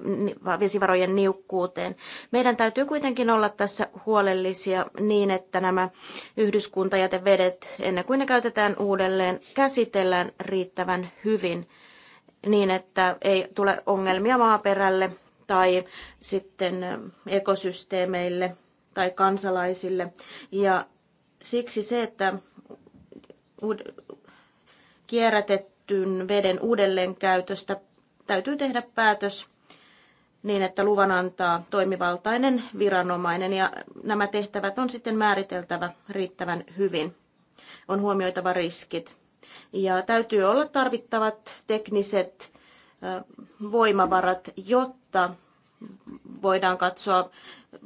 vesivarojen niukkuuteen. Meidän täytyy kuitenkin olla tässä huolellisia niin, että nämä yhdyskuntajätevedet, ennen kuin ne käytetään uudelleen, käsitellään riittävän hyvin niin, että ei tule ongelmia maaperälle tai sitten ekosysteemeille tai kansalaisille. Ja siksi se, että kierrätettyn veden uudelleenkäytöstä täytyy tehdä päätös niin, että luvan antaa toimivaltainen viranomainen ja nämä tehtävät on sitten määriteltävä riittävän hyvin. On huomioitava riskit ja täytyy olla tarvittavat tekniset voimavarat, jotta voidaan katsoa,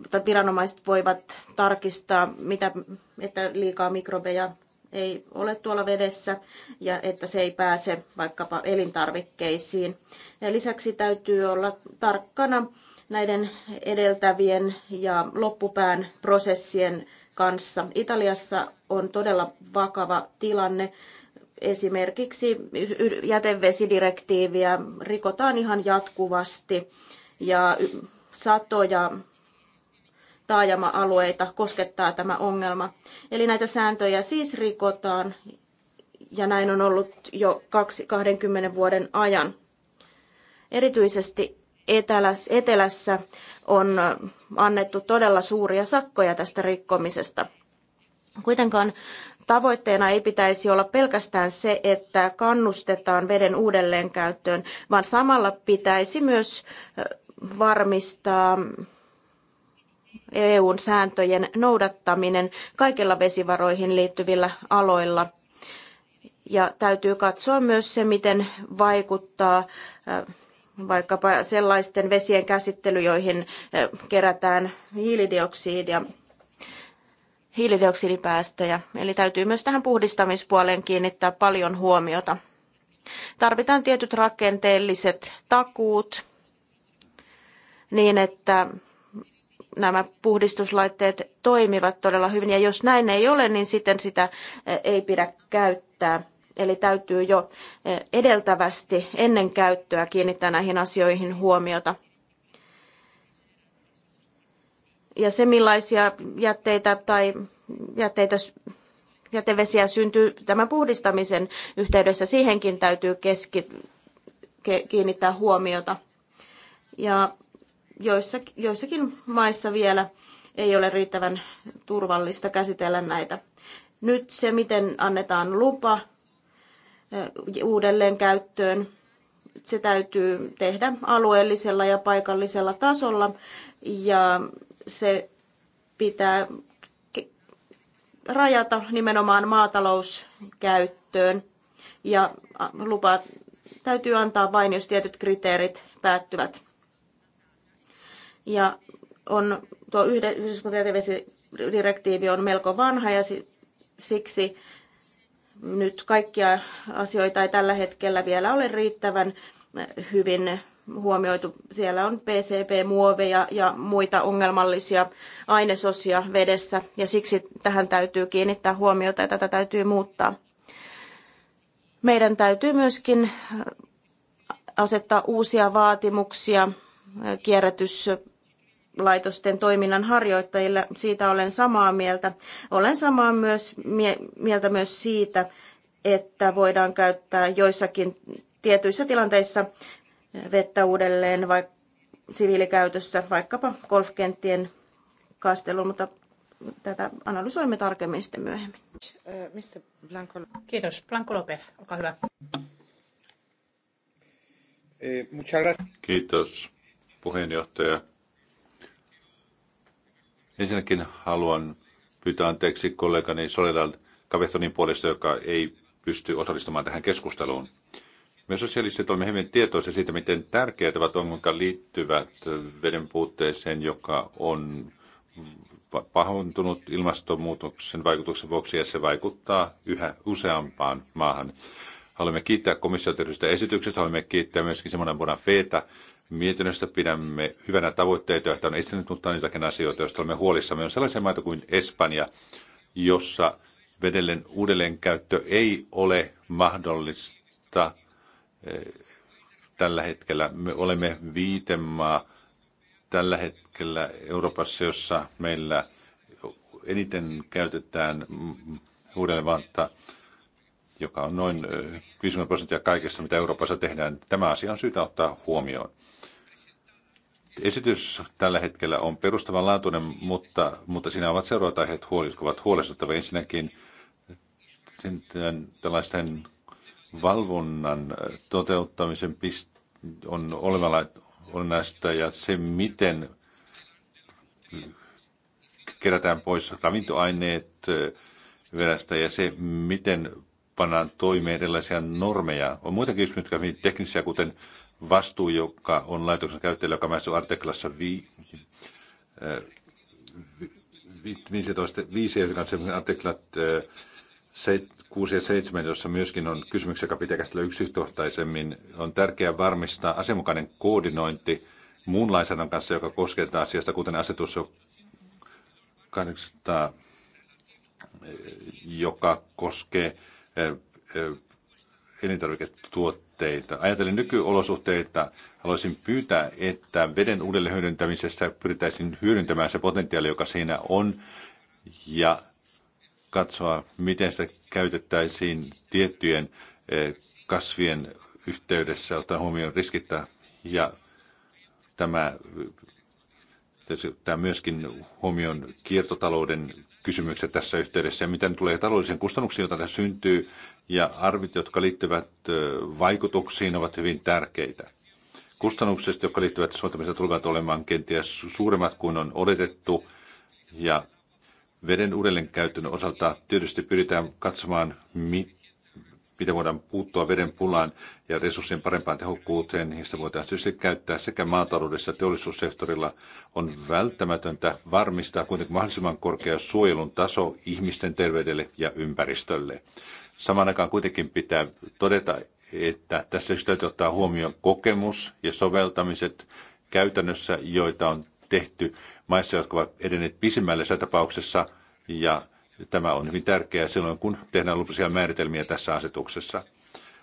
tai viranomaiset voivat tarkistaa, mitä, että liikaa mikrobeja ei ole tuolla vedessä ja että se ei pääse vaikkapa elintarvikkeisiin. Ja lisäksi täytyy olla tarkkana näiden edeltävien ja loppupään prosessien kanssa. Italiassa on todella vakava tilanne. Esimerkiksi jätevesidirektiiviä rikotaan ihan jatkuvasti ja satoja taajama-alueita koskettaa tämä ongelma. Eli näitä sääntöjä siis rikotaan ja näin on ollut jo 20 vuoden ajan. Erityisesti etelässä on annettu todella suuria sakkoja tästä rikkomisesta. Kuitenkaan tavoitteena ei pitäisi olla pelkästään se, että kannustetaan veden uudelleenkäyttöön, vaan samalla pitäisi myös varmistaa EUn sääntöjen noudattaminen kaikilla vesivaroihin liittyvillä aloilla. Ja täytyy katsoa myös se, miten vaikuttaa vaikkapa sellaisten vesien käsittely, joihin kerätään hiilidioksidia, hiilidioksidipäästöjä. Eli täytyy myös tähän puhdistamispuoleen kiinnittää paljon huomiota. Tarvitaan tietyt rakenteelliset takuut niin, että nämä puhdistuslaitteet toimivat todella hyvin. Ja jos näin ei ole, niin sitten sitä ei pidä käyttää. Eli täytyy jo edeltävästi ennen käyttöä kiinnittää näihin asioihin huomiota. Ja se, millaisia jätteitä tai jätteitä, jätevesiä syntyy tämän puhdistamisen yhteydessä, siihenkin täytyy keski, kiinnittää huomiota. Ja joissakin, joissakin maissa vielä ei ole riittävän turvallista käsitellä näitä. Nyt se, miten annetaan lupa uudelleen käyttöön, se täytyy tehdä alueellisella ja paikallisella tasolla ja se pitää rajata nimenomaan maatalouskäyttöön ja lupa täytyy antaa vain, jos tietyt kriteerit päättyvät ja on, tuo yhdyskuntajätevesidirektiivi on melko vanha ja siksi nyt kaikkia asioita ei tällä hetkellä vielä ole riittävän hyvin huomioitu. Siellä on PCB-muoveja ja muita ongelmallisia ainesosia vedessä ja siksi tähän täytyy kiinnittää huomiota ja tätä täytyy muuttaa. Meidän täytyy myöskin asettaa uusia vaatimuksia kierrätys- laitosten toiminnan harjoittajille. Siitä olen samaa mieltä. Olen samaa myös, mieltä myös siitä, että voidaan käyttää joissakin tietyissä tilanteissa vettä uudelleen vai siviilikäytössä, vaikkapa golfkenttien kasteluun, mutta tätä analysoimme tarkemmin sitten myöhemmin. Kiitos. Blanco Lopez, olkaa hyvä. Eh, Kiitos puheenjohtaja. Ensinnäkin haluan pyytää anteeksi kollegani Soledad Cabezonin puolesta, joka ei pysty osallistumaan tähän keskusteluun. Me sosialistit olemme hyvin tietoisia siitä, miten tärkeät ovat ongelmat, liittyvät veden puutteeseen, joka on pahoittunut ilmastonmuutoksen vaikutuksen vuoksi ja se vaikuttaa yhä useampaan maahan. Haluamme kiittää komissiota esityksestä, haluamme kiittää myöskin Simona Bonafeta, Mietinnöstä pidämme hyvänä tavoitteita, joita on esittänyt, mutta on niitäkin asioita, joista olemme huolissamme. On sellaisia maita kuin Espanja, jossa vedellen uudelleenkäyttö ei ole mahdollista eh, tällä hetkellä. Me olemme viitemaa tällä hetkellä Euroopassa, jossa meillä eniten käytetään uudelleenvaattaa joka on noin 50 eh, prosenttia kaikesta, mitä Euroopassa tehdään. Tämä asia on syytä ottaa huomioon. Esitys tällä hetkellä on perustavanlaatuinen, mutta, mutta siinä ovat seuraavat aiheet ovat huolestuttavia. Ensinnäkin tällaisten valvonnan toteuttamisen on olennaista ja se, miten kerätään pois ravintoaineet verästä ja se, miten pannaan toimeen erilaisia normeja. On muitakin kysymyksiä, jotka ovat teknisiä, kuten vastuu, joka on laitoksen käyttäjällä, joka määrittyy artiklassa 5, 15, 5 ja artiklat 6 eh, ja 7, jossa myöskin on kysymyksiä, joka pitää käsitellä yksityiskohtaisemmin, on tärkeää varmistaa asianmukainen koordinointi muun lainsäädännön kanssa, joka koskee tätä asiasta, kuten asetus 800, eh, joka koskee eh, elintarviketuotteita. Ajatellen nykyolosuhteita, haluaisin pyytää, että veden uudelleen hyödyntämisestä pyritäisiin hyödyntämään se potentiaali, joka siinä on, ja katsoa, miten sitä käytettäisiin tiettyjen eh, kasvien yhteydessä, ottaen huomioon riskittä ja tämä, tämä myöskin huomioon kiertotalouden kysymykset tässä yhteydessä. Ja mitä tulee taloudellisiin kustannuksiin, joita tässä syntyy, ja arvit, jotka liittyvät vaikutuksiin, ovat hyvin tärkeitä. Kustannukset, jotka liittyvät soittamiseen, tulevat olemaan kenties suuremmat kuin on odotettu. Ja veden uudelleenkäytön osalta tietysti pyritään katsomaan, mi- miten voidaan puuttua veden pulaan ja resurssien parempaan tehokkuuteen. Niistä voidaan tietysti käyttää sekä maataloudessa että teollisuussektorilla. On välttämätöntä varmistaa kuitenkin mahdollisimman korkea suojelun taso ihmisten terveydelle ja ympäristölle. Samaan aikaan kuitenkin pitää todeta, että tässä täytyy ottaa huomioon kokemus ja soveltamiset käytännössä, joita on tehty maissa, jotka ovat edenneet pisimmälle tässä tapauksessa, ja tämä on hyvin tärkeää silloin, kun tehdään lopullisia määritelmiä tässä asetuksessa.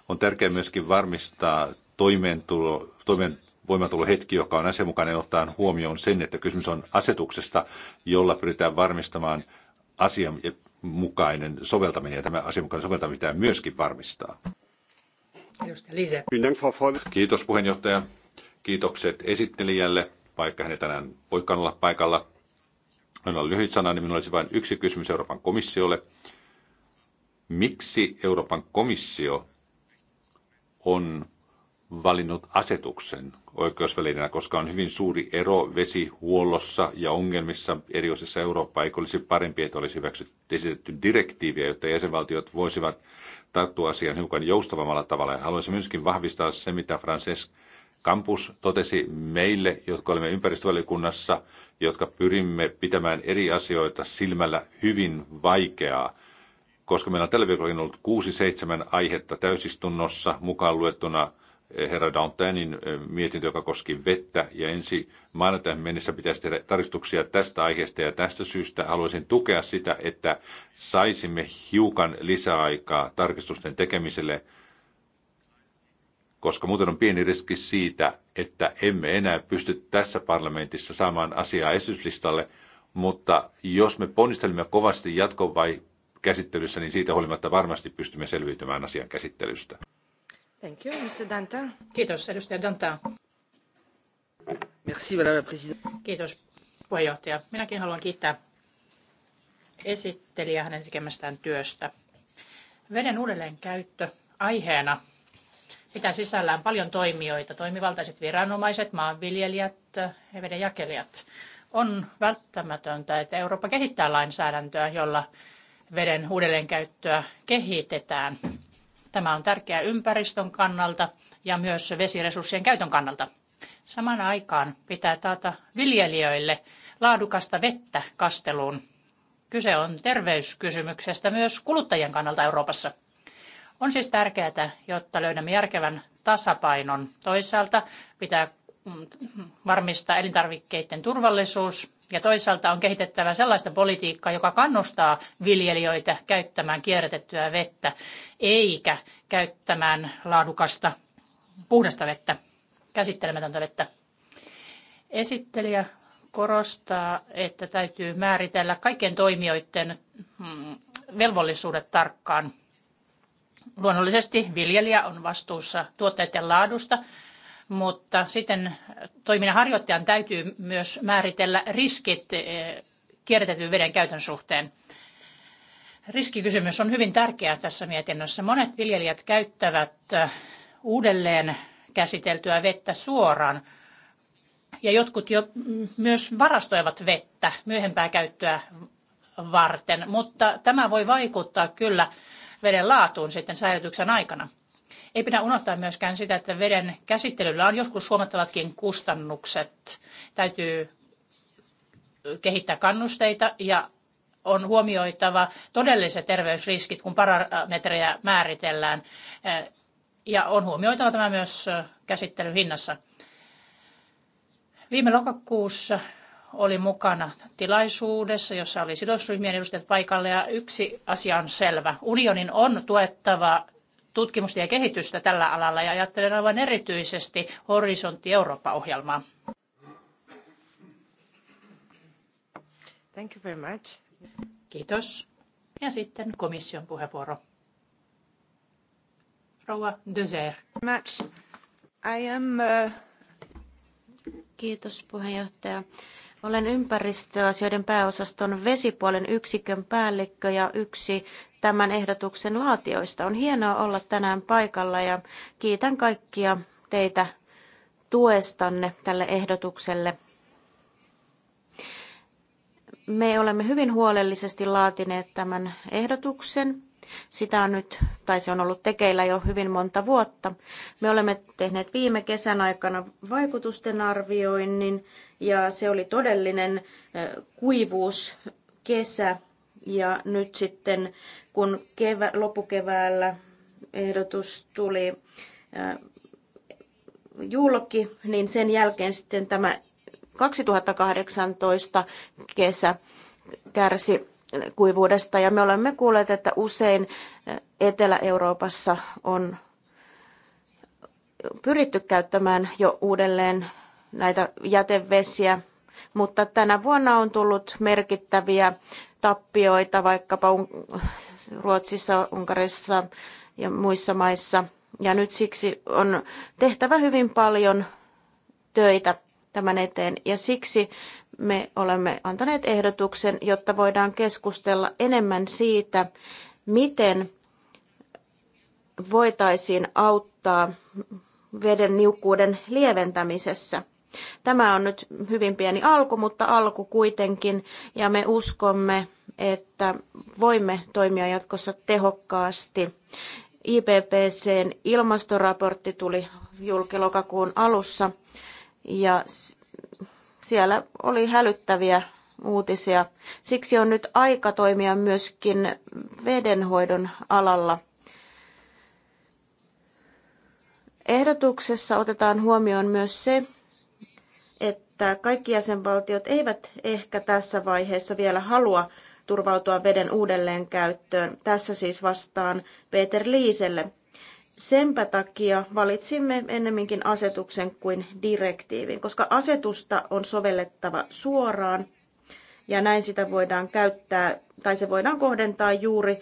On tärkeää myöskin varmistaa toimeentulo, toimeen, voimatulohetki, joka on asianmukainen ottaen huomioon sen, että kysymys on asetuksesta, jolla pyritään varmistamaan asian mukainen soveltaminen ja tämä asianmukainen soveltaminen pitää myöskin varmistaa. Kiitos puheenjohtaja. Kiitokset esittelijälle, vaikka hän ei tänään voikaan olla paikalla. Hän on lyhyt sana, niin minulla olisi vain yksi kysymys Euroopan komissiolle. Miksi Euroopan komissio on valinnut asetuksen oikeusvälineenä, koska on hyvin suuri ero vesihuollossa ja ongelmissa eri osissa Eurooppaa. Eikö olisi parempi, että olisi hyväksytty esitetty direktiiviä, jotta jäsenvaltiot voisivat tarttua asiaan hiukan joustavammalla tavalla. Ja haluaisin myöskin vahvistaa se, mitä Francesc Campus totesi meille, jotka olemme ympäristövaliokunnassa, jotka pyrimme pitämään eri asioita silmällä hyvin vaikeaa koska meillä on tällä viikolla ollut kuusi seitsemän aihetta täysistunnossa mukaan luettuna herra Dantainin mietintö, joka koski vettä, ja ensi maanantain mennessä pitäisi tehdä tarkistuksia tästä aiheesta, ja tästä syystä haluaisin tukea sitä, että saisimme hiukan lisäaikaa tarkistusten tekemiselle, koska muuten on pieni riski siitä, että emme enää pysty tässä parlamentissa saamaan asiaa esityslistalle, mutta jos me ponnistelemme kovasti jatkon vai käsittelyssä, niin siitä huolimatta varmasti pystymme selviytymään asian käsittelystä. Thank you, Mr. Danta. Kiitos, edustaja Danta. Merci, madame la présidente. Kiitos, puheenjohtaja. Minäkin haluan kiittää esittelijä hänen tekemästään työstä. Veden uudelleenkäyttö aiheena pitää sisällään paljon toimijoita, toimivaltaiset viranomaiset, maanviljelijät ja vedenjakelijat. On välttämätöntä, että Eurooppa kehittää lainsäädäntöä, jolla veden uudelleenkäyttöä kehitetään Tämä on tärkeää ympäristön kannalta ja myös vesiresurssien käytön kannalta. Samaan aikaan pitää taata viljelijöille laadukasta vettä kasteluun. Kyse on terveyskysymyksestä myös kuluttajien kannalta Euroopassa. On siis tärkeää, jotta löydämme järkevän tasapainon. Toisaalta pitää varmistaa elintarvikkeiden turvallisuus ja toisaalta on kehitettävä sellaista politiikkaa, joka kannustaa viljelijöitä käyttämään kierrätettyä vettä eikä käyttämään laadukasta puhdasta vettä, käsittelemätöntä vettä. Esittelijä korostaa, että täytyy määritellä kaikkien toimijoiden mm, velvollisuudet tarkkaan. Luonnollisesti viljelijä on vastuussa tuotteiden laadusta mutta sitten toiminnan harjoittajan täytyy myös määritellä riskit eh, kierrätetyn veden käytön suhteen. Riskikysymys on hyvin tärkeä tässä mietinnössä. Monet viljelijät käyttävät eh, uudelleen käsiteltyä vettä suoraan ja jotkut jo mm, myös varastoivat vettä myöhempää käyttöä varten, mutta tämä voi vaikuttaa kyllä veden laatuun sitten säilytyksen aikana. Ei pidä unohtaa myöskään sitä, että veden käsittelyllä on joskus huomattavatkin kustannukset. Täytyy kehittää kannusteita ja on huomioitava todelliset terveysriskit, kun parametrejä määritellään. Ja on huomioitava tämä myös käsittelyn hinnassa. Viime lokakuussa oli mukana tilaisuudessa, jossa oli sidosryhmien edustajat paikalla ja yksi asia on selvä. Unionin on tuettava tutkimusta ja kehitystä tällä alalla ja ajattelen aivan erityisesti Horisontti Eurooppa-ohjelmaa. Thank you very much. Kiitos. Ja sitten komission puheenvuoro. Rouva Deser. I am, uh... Kiitos puheenjohtaja. Olen ympäristöasioiden pääosaston vesipuolen yksikön päällikkö ja yksi tämän ehdotuksen laatioista. On hienoa olla tänään paikalla ja kiitän kaikkia teitä tuestanne tälle ehdotukselle. Me olemme hyvin huolellisesti laatineet tämän ehdotuksen. Sitä on nyt, tai se on ollut tekeillä jo hyvin monta vuotta. Me olemme tehneet viime kesän aikana vaikutusten arvioinnin ja se oli todellinen eh, kuivuuskesä ja nyt sitten, kun kevä, loppukeväällä ehdotus tuli julki, niin sen jälkeen sitten tämä 2018 kesä kärsi kuivuudesta. Ja me olemme kuulleet, että usein Etelä-Euroopassa on pyritty käyttämään jo uudelleen näitä jätevesiä, mutta tänä vuonna on tullut merkittäviä tappioita vaikkapa Ruotsissa, Unkarissa ja muissa maissa. Ja nyt siksi on tehtävä hyvin paljon töitä tämän eteen. Ja siksi me olemme antaneet ehdotuksen, jotta voidaan keskustella enemmän siitä, miten voitaisiin auttaa veden niukkuuden lieventämisessä – Tämä on nyt hyvin pieni alku, mutta alku kuitenkin, ja me uskomme, että voimme toimia jatkossa tehokkaasti. IPPCn ilmastoraportti tuli julki lokakuun alussa, ja siellä oli hälyttäviä uutisia. Siksi on nyt aika toimia myöskin vedenhoidon alalla. Ehdotuksessa otetaan huomioon myös se, että kaikki jäsenvaltiot eivät ehkä tässä vaiheessa vielä halua turvautua veden uudelleenkäyttöön. Tässä siis vastaan Peter Liiselle. Senpä takia valitsimme ennemminkin asetuksen kuin direktiivin, koska asetusta on sovellettava suoraan ja näin sitä voidaan käyttää tai se voidaan kohdentaa juuri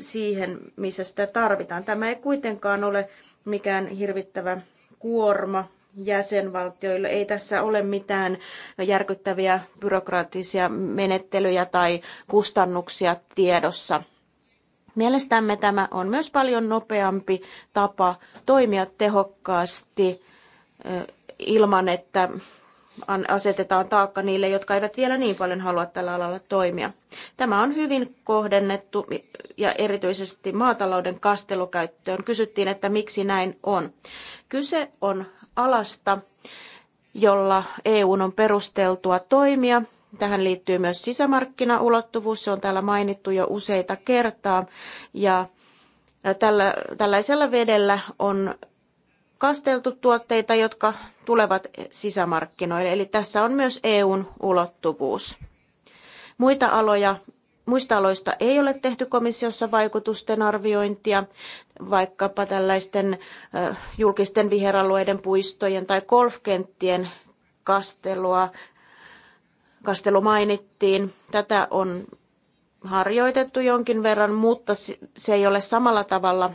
siihen, missä sitä tarvitaan. Tämä ei kuitenkaan ole mikään hirvittävä kuorma jäsenvaltioille. Ei tässä ole mitään järkyttäviä byrokraattisia menettelyjä tai kustannuksia tiedossa. Mielestämme tämä on myös paljon nopeampi tapa toimia tehokkaasti ilman, että asetetaan taakka niille, jotka eivät vielä niin paljon halua tällä alalla toimia. Tämä on hyvin kohdennettu ja erityisesti maatalouden kastelukäyttöön. Kysyttiin, että miksi näin on. Kyse on alasta, jolla EU on perusteltua toimia. Tähän liittyy myös sisämarkkinaulottuvuus, se on täällä mainittu jo useita kertaa. Ja tällä, tällaisella vedellä on kasteltu tuotteita, jotka tulevat sisämarkkinoille. Eli tässä on myös EUn ulottuvuus. Muita aloja Muista aloista ei ole tehty komissiossa vaikutusten arviointia, vaikkapa tällaisten julkisten viheralueiden, puistojen tai golfkenttien kastelua. Kastelu mainittiin. Tätä on harjoitettu jonkin verran, mutta se ei ole samalla tavalla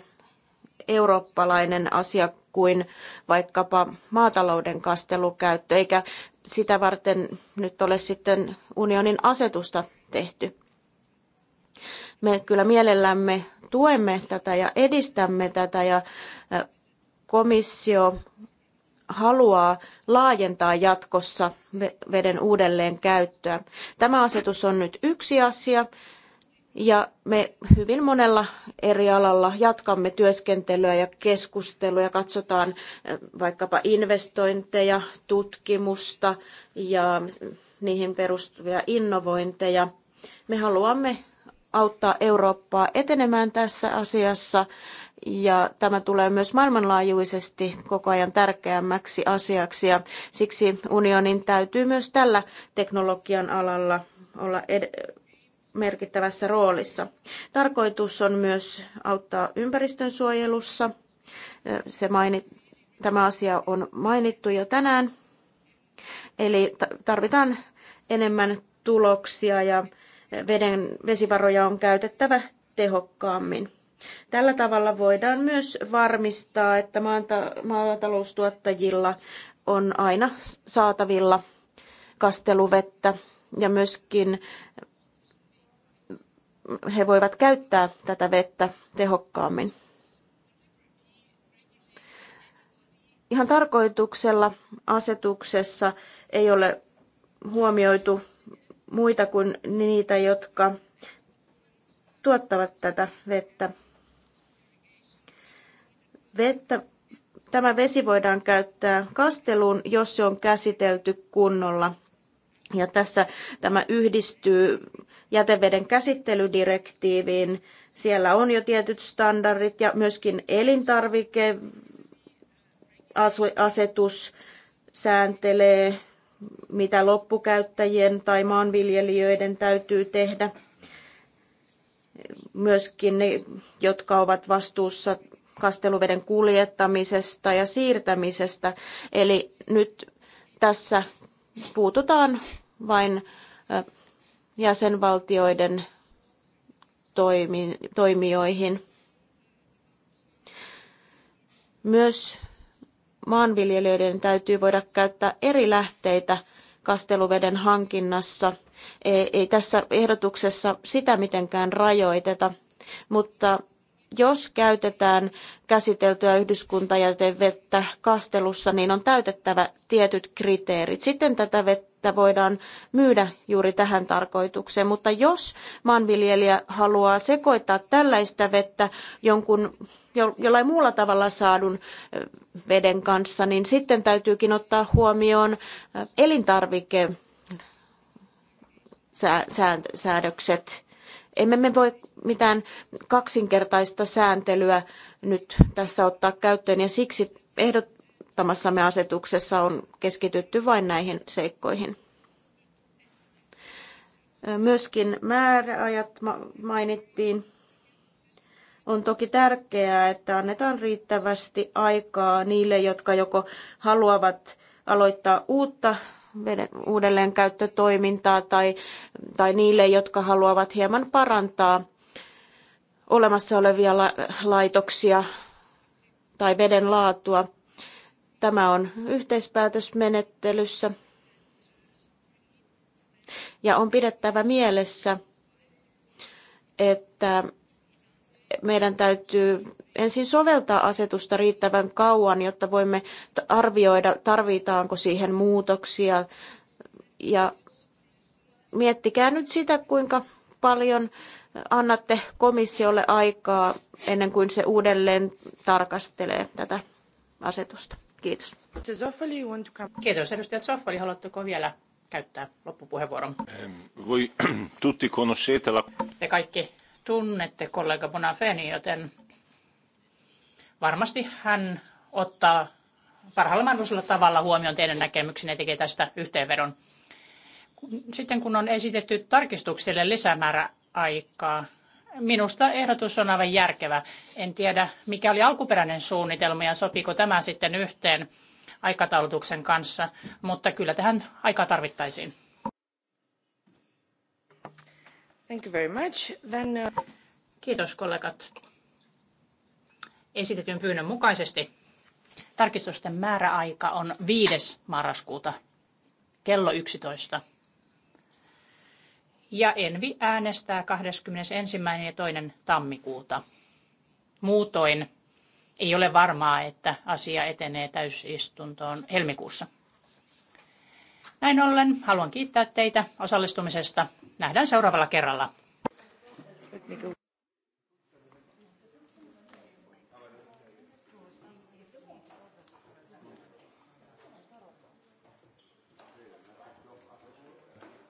eurooppalainen asia kuin vaikkapa maatalouden kastelukäyttö, eikä sitä varten nyt ole sitten unionin asetusta tehty. Me kyllä mielellämme tuemme tätä ja edistämme tätä ja komissio haluaa laajentaa jatkossa veden uudelleen käyttöä. Tämä asetus on nyt yksi asia ja me hyvin monella eri alalla jatkamme työskentelyä ja keskustelua ja katsotaan vaikkapa investointeja, tutkimusta ja niihin perustuvia innovointeja. Me haluamme auttaa Eurooppaa etenemään tässä asiassa ja tämä tulee myös maailmanlaajuisesti koko ajan tärkeämmäksi asiaksi ja siksi unionin täytyy myös tällä teknologian alalla olla merkittävässä roolissa. Tarkoitus on myös auttaa ympäristönsuojelussa. Se tämä asia on mainittu jo tänään. Eli tarvitaan enemmän tuloksia ja veden, vesivaroja on käytettävä tehokkaammin. Tällä tavalla voidaan myös varmistaa, että maataloustuottajilla on aina saatavilla kasteluvettä ja myöskin he voivat käyttää tätä vettä tehokkaammin. Ihan tarkoituksella asetuksessa ei ole huomioitu muita kuin niitä, jotka tuottavat tätä vettä. vettä tämä vesi voidaan käyttää kasteluun, jos se on käsitelty kunnolla. Ja tässä tämä yhdistyy jäteveden käsittelydirektiiviin. Siellä on jo tietyt standardit ja myöskin elintarvikeasetus sääntelee mitä loppukäyttäjien tai maanviljelijöiden täytyy tehdä. Myöskin ne, jotka ovat vastuussa kasteluveden kuljettamisesta ja siirtämisestä. Eli nyt tässä puututaan vain jäsenvaltioiden toimi, toimijoihin. Myös maanviljelijöiden täytyy voida käyttää eri lähteitä kasteluveden hankinnassa. Ei tässä ehdotuksessa sitä mitenkään rajoiteta, mutta jos käytetään käsiteltyä yhdyskuntajätevettä kastelussa, niin on täytettävä tietyt kriteerit. Sitten tätä vettä voidaan myydä juuri tähän tarkoitukseen, mutta jos maanviljelijä haluaa sekoittaa tällaista vettä jonkun jollain muulla tavalla saadun veden kanssa, niin sitten täytyykin ottaa huomioon elintarvike säädökset. Emme me voi mitään kaksinkertaista sääntelyä nyt tässä ottaa käyttöön ja siksi ehdottamassamme asetuksessa on keskitytty vain näihin seikkoihin. Myöskin määräajat mainittiin. On toki tärkeää, että annetaan riittävästi aikaa niille, jotka joko haluavat aloittaa uutta veden uudelleenkäyttötoimintaa tai, tai niille, jotka haluavat hieman parantaa olemassa olevia la- laitoksia tai veden laatua. Tämä on yhteispäätösmenettelyssä. Ja on pidettävä mielessä, että meidän täytyy ensin soveltaa asetusta riittävän kauan, jotta voimme arvioida, tarvitaanko siihen muutoksia. Ja miettikää nyt sitä, kuinka paljon annatte komissiolle aikaa ennen kuin se uudelleen tarkastelee tätä asetusta. Kiitos. Kiitos. Edustaja Zoffoli, haluatteko vielä käyttää loppupuheenvuoron? Voi tutti conoscete Te kaikki tunnette kollega Bonafeni, joten varmasti hän ottaa parhaalla mahdollisella tavalla huomioon teidän näkemyksenne ja tekee tästä yhteenvedon. Sitten kun on esitetty tarkistuksille lisämääräaikaa, minusta ehdotus on aivan järkevä. En tiedä, mikä oli alkuperäinen suunnitelma ja sopiko tämä sitten yhteen aikataulutuksen kanssa, mutta kyllä tähän aikaa tarvittaisiin. Thank you very much. Then, uh... Kiitos kollegat. Esitetyn pyynnön mukaisesti tarkistusten määräaika on 5. marraskuuta kello 11. Ja Envi äänestää 21. ja 2. tammikuuta. Muutoin ei ole varmaa, että asia etenee täysistuntoon helmikuussa. Näin ollen haluan kiittää teitä osallistumisesta. Nähdään seuraavalla kerralla.